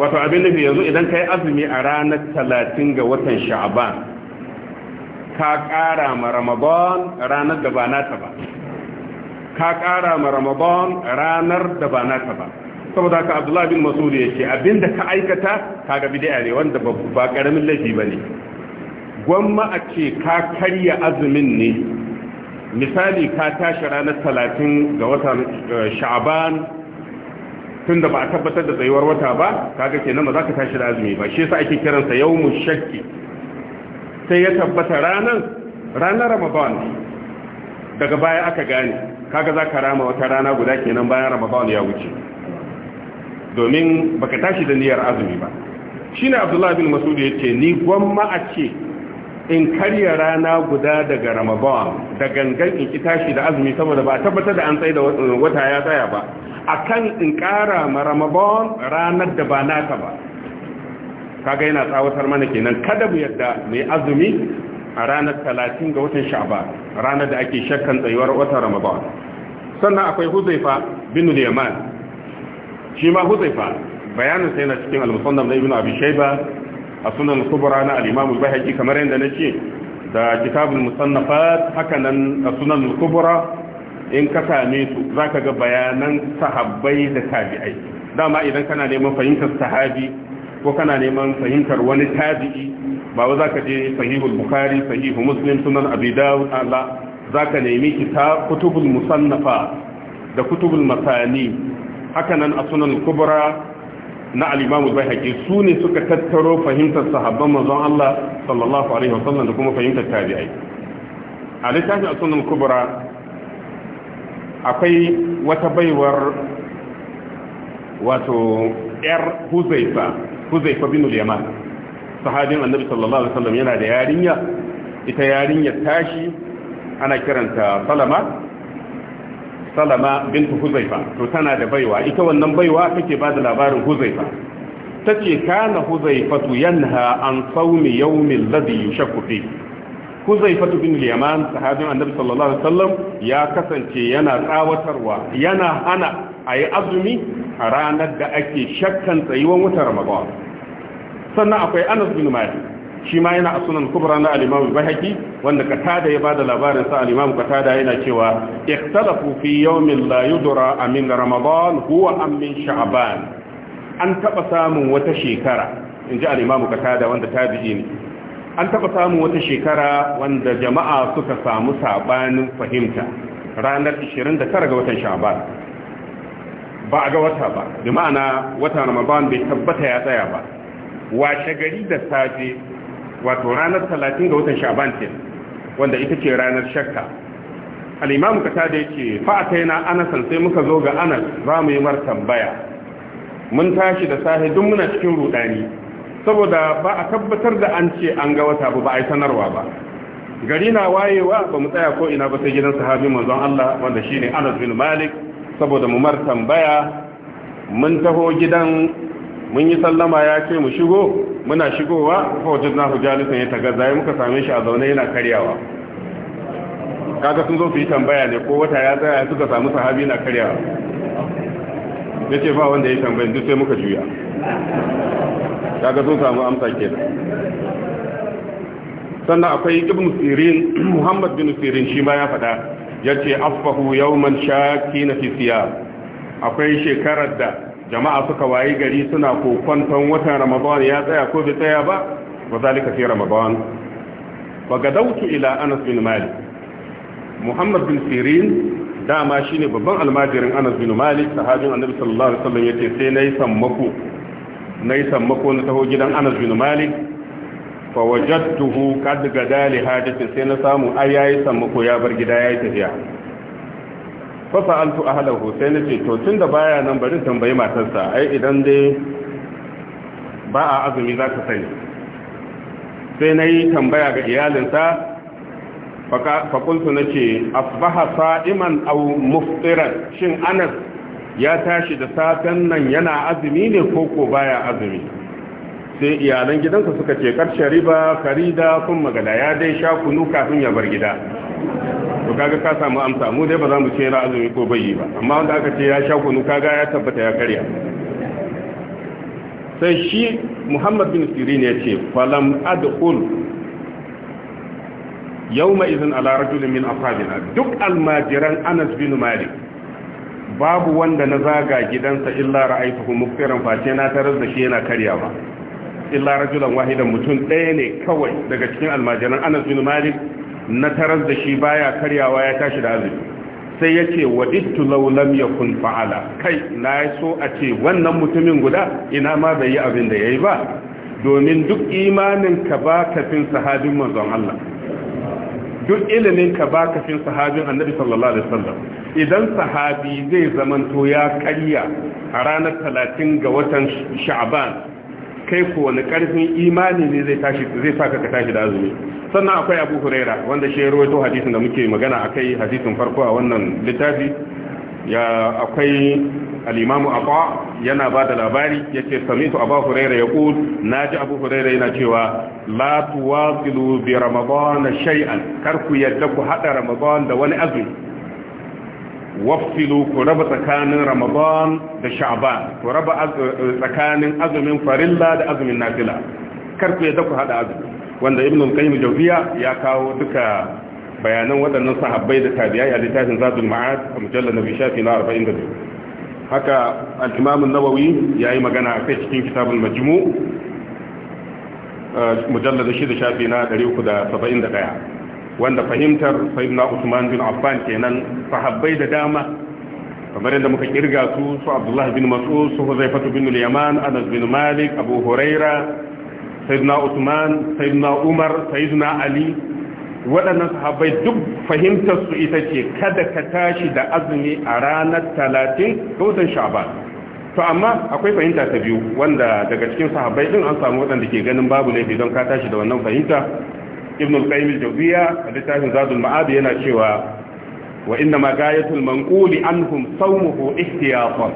wato abin nufi yanzu idan kai azumi a ranar 30 ga watan Sha'ban ka ƙara ma ramadan ranar da ba nata ba ka ƙara ma ramadan ranar da ba nata ba saboda ka abdullahi bin masud ya ce abinda ka aikata ka kaga bid'a yare, wanda ba karamin laifi bane gwamma a ce ka karya azumin ne misali ka tashi ranar talatin ga watan eh, sha'aban tun ba a tabbatar da tsayuwar wata ba kaga kenan ba za ka tashi da azumi ba shi yasa ake kiransa yau mu shakki sai ya tabbata ranar ranar ramadan daga baya aka gane kaga za ka rama wata rana guda kenan bayan ramadan ya wuce domin baka tashi da niyyar azumi ba shi ne abdullahi bin masudu ya ce ni gwamma a ce in karya rana guda daga ramadan da gangan in ki tashi da azumi saboda ba tabbatar da an tsai da wata ya tsaya ba akan in kara ma ramadan ranar da ba naka ba kaga yana tsawatar mana kenan kada mu yadda mai azumi a ranar talatin ga watan sha'ba ranar da ake shakkan tsayuwar watan ramadan sannan akwai huzaifa bin yaman shi ma huzaifa bayanin yana cikin al-musannaf na ibnu abi shayba a sunan kubra na al-imam al-bayhaqi kamar yadda nace da kitabul musannafat haka nan a sunan kubra in ka same su zaka ga bayanan sahabbai da tabi'ai dama idan kana neman fahimtar sahabi ko kana neman fahimtar wani tabi'i ba wa zaka je sahihul bukhari sahihu muslim sunan abi dawud Allah zaka nemi kitab kutubul musannafa da kutubul masani hakanan a sunan kubra na al-imamu bayhaqi su ne suka tattaro fahimtar sahabban manzon Allah sallallahu alaihi wasallam da kuma fahimtar tabi'i a littafin sunan kubra akwai wata baiwar wato ‘yar huzaifa huzaifa bin al sahabin annabi sallallahu alaihi wasallam yana da yarinya ita yarinya tashi ana kiranta salama salama bintu huzaifa to tana da baiwa ita wannan baiwa take ba da labarin huzaifa tace kana huzaifatu yanha an sawmi yawmin ladhi yushakku fi huzaifatu bin al sahabin annabi sallallahu alaihi wasallam ya kasance yana tsawatarwa yana hana ayi azumi a ranar da ake shakkan tsayuwan wutar ramadan sannan akwai anas bin malik shi ma yana a sunan kubra na al-imam wanda katada ya bada labarin sa al katada yana cewa ikhtalafu fi yawmin la yudra amin ramadan huwa am min sha'ban an taba samun wata shekara inji al-imam katada wanda tabi'i ne an taba samun wata shekara wanda jama'a suka samu sabanin fahimta ranar 29 ga watan sha'ban ba a ga wata ba bi ma'ana wata ramadan bai tabbata ya tsaya ba washe gari da safe wato ranar 30 ga watan sha'ban ce wanda ita ce ranar shakka al-imam kata da yake fa ataina anasan sai muka zo ga anas za mu yi mar tambaya mun tashi da safe duk muna cikin rudani saboda ba a tabbatar da an ce an ga wata ba ba a yi sanarwa ba gari na wayewa ba mu tsaya ko ina ba sai gidan sahabi manzon Allah wanda shine Anas bin Malik saboda mu mar tambaya mun taho gidan mun yi sallama ya ce mu shigo muna shigowa fa wajen na hujjalisan ya tagaza ya muka same shi a zaune yana karyawa kaga sun zo su yi tambaya ne ko wata ya tsaya suka samu sahabi na karyawa ya ce ba wanda ya tambayin duk sai muka juya kaga sun samu amsa kenan sannan akwai ibn sirin muhammad bin sirin shi ma ya faɗa Ya yace asbahu yawman shaki fi fisiya akwai shekarar da jama'a suka wayi gari suna kokonton watan ramadan ya tsaya ko bai tsaya ba za lika fi ramadan fa gadawtu ila anas bin malik muhammad bin sirin dama shine babban almajirin anas bin malik sahabin annabi sallallahu alaihi wasallam yace sai nayi sammako sammako na taho gidan anas bin malik fawajattuhu kad qad gada li sai na samu ai yayi sammako ya bar gida yayi tafiya fa sa'altu ahlahu sai nace to tunda baya nan bari tambayi matarsa ai idan dai ba a azumi za ka sani sai nayi tambaya ga iyalinsa fakultu na ce asbaha sa'iman au muftiran shin anas ya tashi da safen nan yana azumi ne ko ko baya azumi sai iyalan gidansa suka ce karshe riba farida kun magana ya dai sha kunu kafin ya bar gida to kaga ka samu amsa mu dai ba za mu ce ra azumi ko bayi ba amma wanda aka ce ya sha kunu kaga ya tabbata ya karya sai shi muhammad bin sirin ya ce falam adkhul yawma idhin ala rajulin min ashabina duk almajiran anas bin malik babu wanda na zaga gidansa illa ra'aytuhu fa face na tarar da shi yana karyawa illa rajulan wahidan mutum ɗaya ne kawai daga cikin almajiran anas bin malik na taras da shi baya karyawa ya tashi da azumi sai ya ce wa ittu law lam yakun fa'ala kai na so a ce wannan mutumin guda ina ma bai yi abin da yayi ba domin duk imanin ka ba kafin sahabin manzon Allah duk ilimin ka ba kafin sahabin annabi sallallahu alaihi wasallam idan sahabi zai zamanto ya karya a ranar 30 ga watan sha'ban kai ko wani karfin imani ne zai tashi zai saka ka tashi da azumi sannan akwai Abu Huraira wanda shi ya rawaito hadisin da muke magana akai hadisin farko a wannan littafi ya akwai al-Imam yana ba da labari yace samitu Abu Huraira yaqul naji Abu Huraira yana cewa la tuwasilu bi Ramadan shay'an kar ku yadda ku hada Ramadan da wani azumi waffilu ku raba tsakanin ramadan da sha'ban ku raba eh, eh, tsakanin azumin farilla da azumin nafila kar ku yadda ku hada azumi wanda ibn al-qayyim jawziya ya kawo duka bayanan waɗannan sahabbai da tabi'ai a littafin zadul ma'ad a mujallal nabi shafi na 42 haka al-imam an-nawawi yayi magana a kai cikin kitabul majmu' eh, mujallal 6 shafi na 371 wanda fahimtar sayyidina Usman bin Affan kenan sahabbai da dama kamar yadda muka kirga su su Abdullah bin Mas'ud su Huzaifah bin Yaman Anas bin Malik Abu Huraira sayyidina Usman sayyidina Umar sayyidina Ali waɗannan sahabbai duk fahimtar su ita ce kada ka tashi da azumi a ranar 30 ga watan Sha'ban to amma akwai fahimta ta biyu wanda daga cikin sahabbai din an samu waɗanda ke ganin babu laifi don ka tashi da wannan fahimta ibn al-qayyim al-jawziya a littafin zadul ma'ad yana cewa wa inna ma gayatul manquli anhum sawmuhu ihtiyatan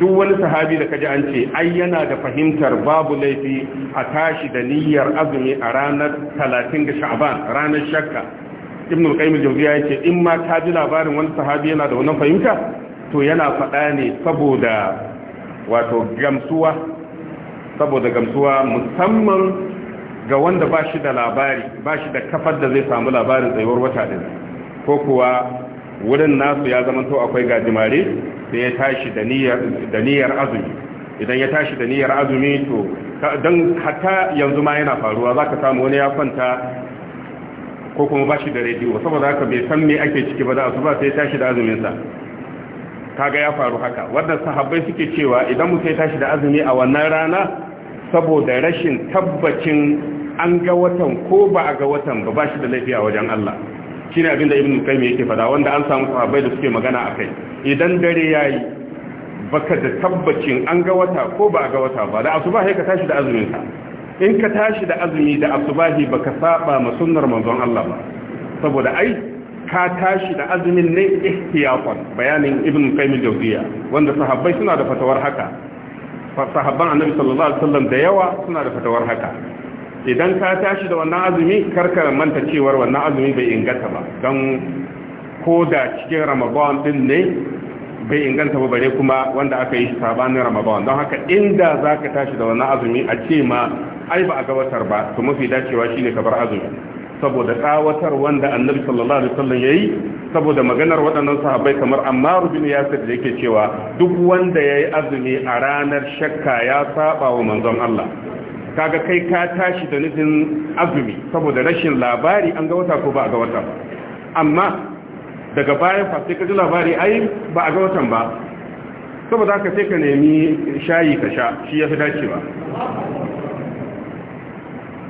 duk wani sahabi da kaji an ce ai yana da fahimtar babu laifi a tashi da niyyar azumi a ranar 30 ga sha'ban ranar shakka ibn al-qayyim al-jawziya yace in ma ka ji labarin wani sahabi yana da wannan fahimta to yana faɗa ne saboda wato gamsuwa saboda gamsuwa musamman ga wanda ba shi da labari ba shi da kafar da zai samu labarin tsayuwar wata ɗin ko kuwa wurin nasu ya zama akwai gajimare sai ya tashi da niyyar azumi idan ya tashi da niyyar azumi to don hata yanzu ma yana faruwa za ka samu wani ya kwanta ko kuma ba shi da rediyo saboda haka bai san me ake ciki ba da ba sai ya tashi da azuminsa kaga ya faru haka wannan sahabbai suke cewa idan mu ya tashi da azumi a wannan rana saboda rashin tabbacin an ga watan ko ba a ga watan ba ba shi da laifi a wajen Allah shi ne abinda ibn qayyim yake fada wanda an samu sahabbai da suke magana akai idan dare yayi baka da tabbacin an ga wata ko ba a ga wata ba da asuba ka tashi da azumin ka in ka tashi da azumi da asubahi baka saba ma sunnar manzon Allah ba saboda ai ka tashi da azumin ne ihtiyatan bayanin ibn qayyim jawziya wanda sahabbai suna da fatawar haka sahabban annabi sallallahu alaihi wasallam da yawa suna da fatawar haka idan ka tashi da wannan azumi karkar manta cewar wannan azumi bai inganta ba don ko da cikin ramadan din ne bai inganta ba bare kuma wanda aka yi sabanin ramadan don haka inda za ka tashi da wannan azumi a ce ma ai ba a watar ba to mafi dacewa shine ka bar azumi saboda tsawatar wanda annabi sallallahu alaihi wasallam yayi saboda maganar waɗannan sahabbai kamar Ammar bin Yasir da yake cewa duk wanda yayi azumi a ranar shakka ya saba wa manzon Allah kaga kai ka tashi da nufin azumi saboda rashin labari an ga wata ko ba a ga wata ba amma daga bayan fasai ka ji labari ai ba a ga watan ba saboda haka sai ka nemi shayi ka sha shi ya fi dacewa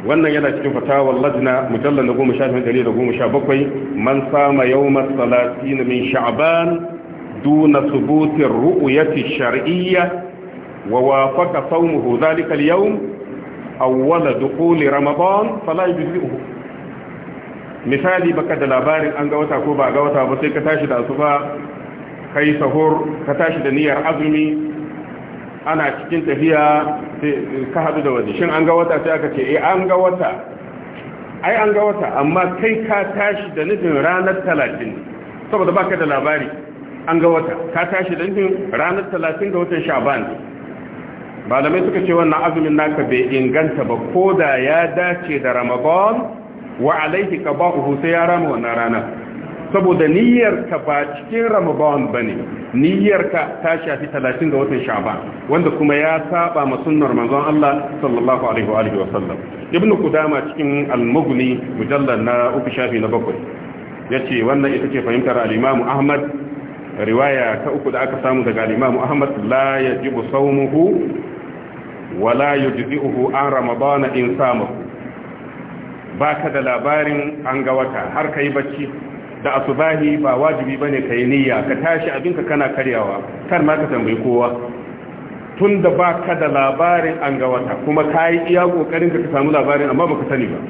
wannan yana cikin fatawar lajina mujallar da goma sha shi ɗari da goma sha bakwai man sama yau masalati na min sha'aban duna subutin ru'uyati shar'iyya wa wafaka saumuhu zalikal yau awwala dukhuli ramadan fala yujzi'uhu misali baka da labarin an ga wata ko ba ga wata ba sai ka tashi da asuba kai sahur ka tashi da niyyar azumi ana cikin tafiya ka hadu da wani shin an ga wata sai aka ce eh, an ga wata ai an ga wata amma kai ka tashi da nufin ranar 30 saboda baka da labari an ga wata ka tashi da nufin ranar 30 ga watan sha'ban malamai suka ce wannan azumin naka bai inganta ba ko da ya dace da ramadan wa alaihi qabahu sai ya rama wannan rana saboda niyyarka ba cikin ramadan bane niyyarka ta shafi 30 ga watan sha'ban wanda kuma ya saba ma sunnar manzon Allah sallallahu alaihi wa alihi wa sallam ibnu qudama cikin al-mughni mujallal na uku shafi na bakwai yace wannan ita ce fahimtar al-imam ahmad riwaya ta uku da aka samu daga al-imam ahmad la yajibu sawmuhu wala yujzi'uhu an ramadana in Ba ka da labarin an ga wata har kai bacci da asubahi ba wajibi bane kai niyya ka tashi abinka kana karyawa kar ma ka tambayi kowa tun da ba ka da labarin an ga wata kuma kai iya kokarin ka samu labarin amma baka sani ba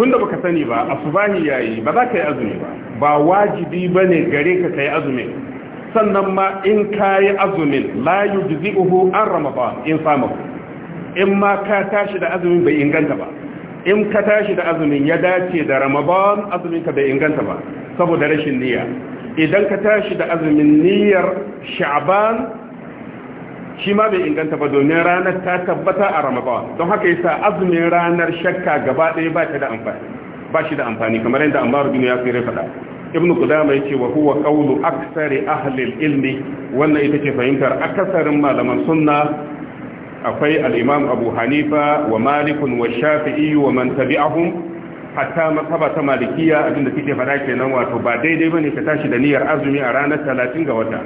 tun da baka sani ba asubahi yayi ba za ka yi azumi ba ba wajibi bane gare ka kai azumi sannan ma in kayi azumin la uhu an ramadan in samu in ma ka tashi da azumin bai inganta ba in ka tashi da azumin ya dace da ramadan azuminka bai inganta ba saboda rashin niyya idan ka tashi da azumin niyyar sha'ban shi ma bai inganta ba domin ranar ta tabbata a ramadan don haka yasa azumin ranar shakka gaba ɗaya ba ta da amfani ba shi da amfani kamar yadda amma rubinu ya fi faɗa ibn qudama yake wa huwa qawlu aksari ahli ilmi wannan ita ce fahimtar aksarin malaman sunna akwai al-imam abu hanifa wa malik wa shafi'i wa man tabi'ahum hatta masaba ta malikiya abinda kike fada kenan wato ba daidai bane ka tashi da niyyar azumi a ranar 30 ga wata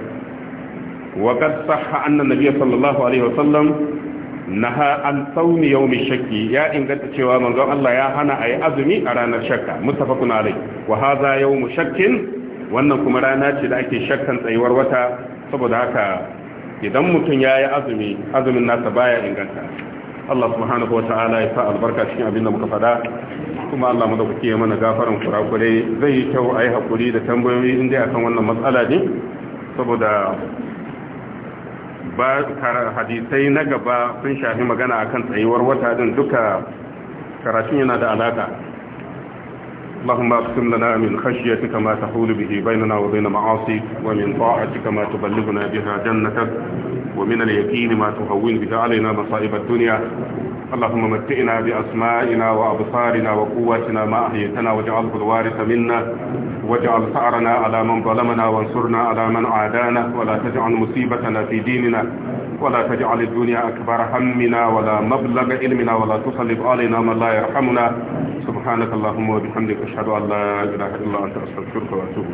wa qad sahha anna nabiyyu sallallahu alaihi sallam. naha an sauni mai shakki ya inganta cewa manzon Allah ya hana a yi azumi a ranar shakka mustafakun alai wa yau yawmu shakkin wannan kuma rana ce da ake shakkan tsayuwar wata saboda haka idan mutum ya yi azumi azumin nasa baya inganta Allah subhanahu wa ta'ala ya sa albarka cikin abin da muka faɗa kuma Allah mu da kuke mana gafaran kurakurai zai yi kyau a yi haƙuri da tambayoyi inda akan wannan matsala ne saboda ba hadisai na gaba sun shafi magana akan tsayuwar wata din duka karatun yana da alaka اللهم اقسم لنا من خشيتك ما تحول به بيننا وبين معاصيك ومن طاعتك ما تبلغنا بها جنتك ومن اليقين ما تهون به علينا مصائب الدنيا اللهم متئنا بأسمائنا وأبصارنا وقواتنا ما أحيتنا واجعله الوارث منا واجعل ثأرنا على من ظلمنا وانصرنا على من عادانا ولا تجعل مصيبتنا في ديننا ولا تجعل الدنيا أكبر همنا ولا مبلغ علمنا ولا تصلب علينا من لا يرحمنا سبحانك اللهم وبحمدك ashhadu allah ya ilaha illa anta astaghfiruka wa atubu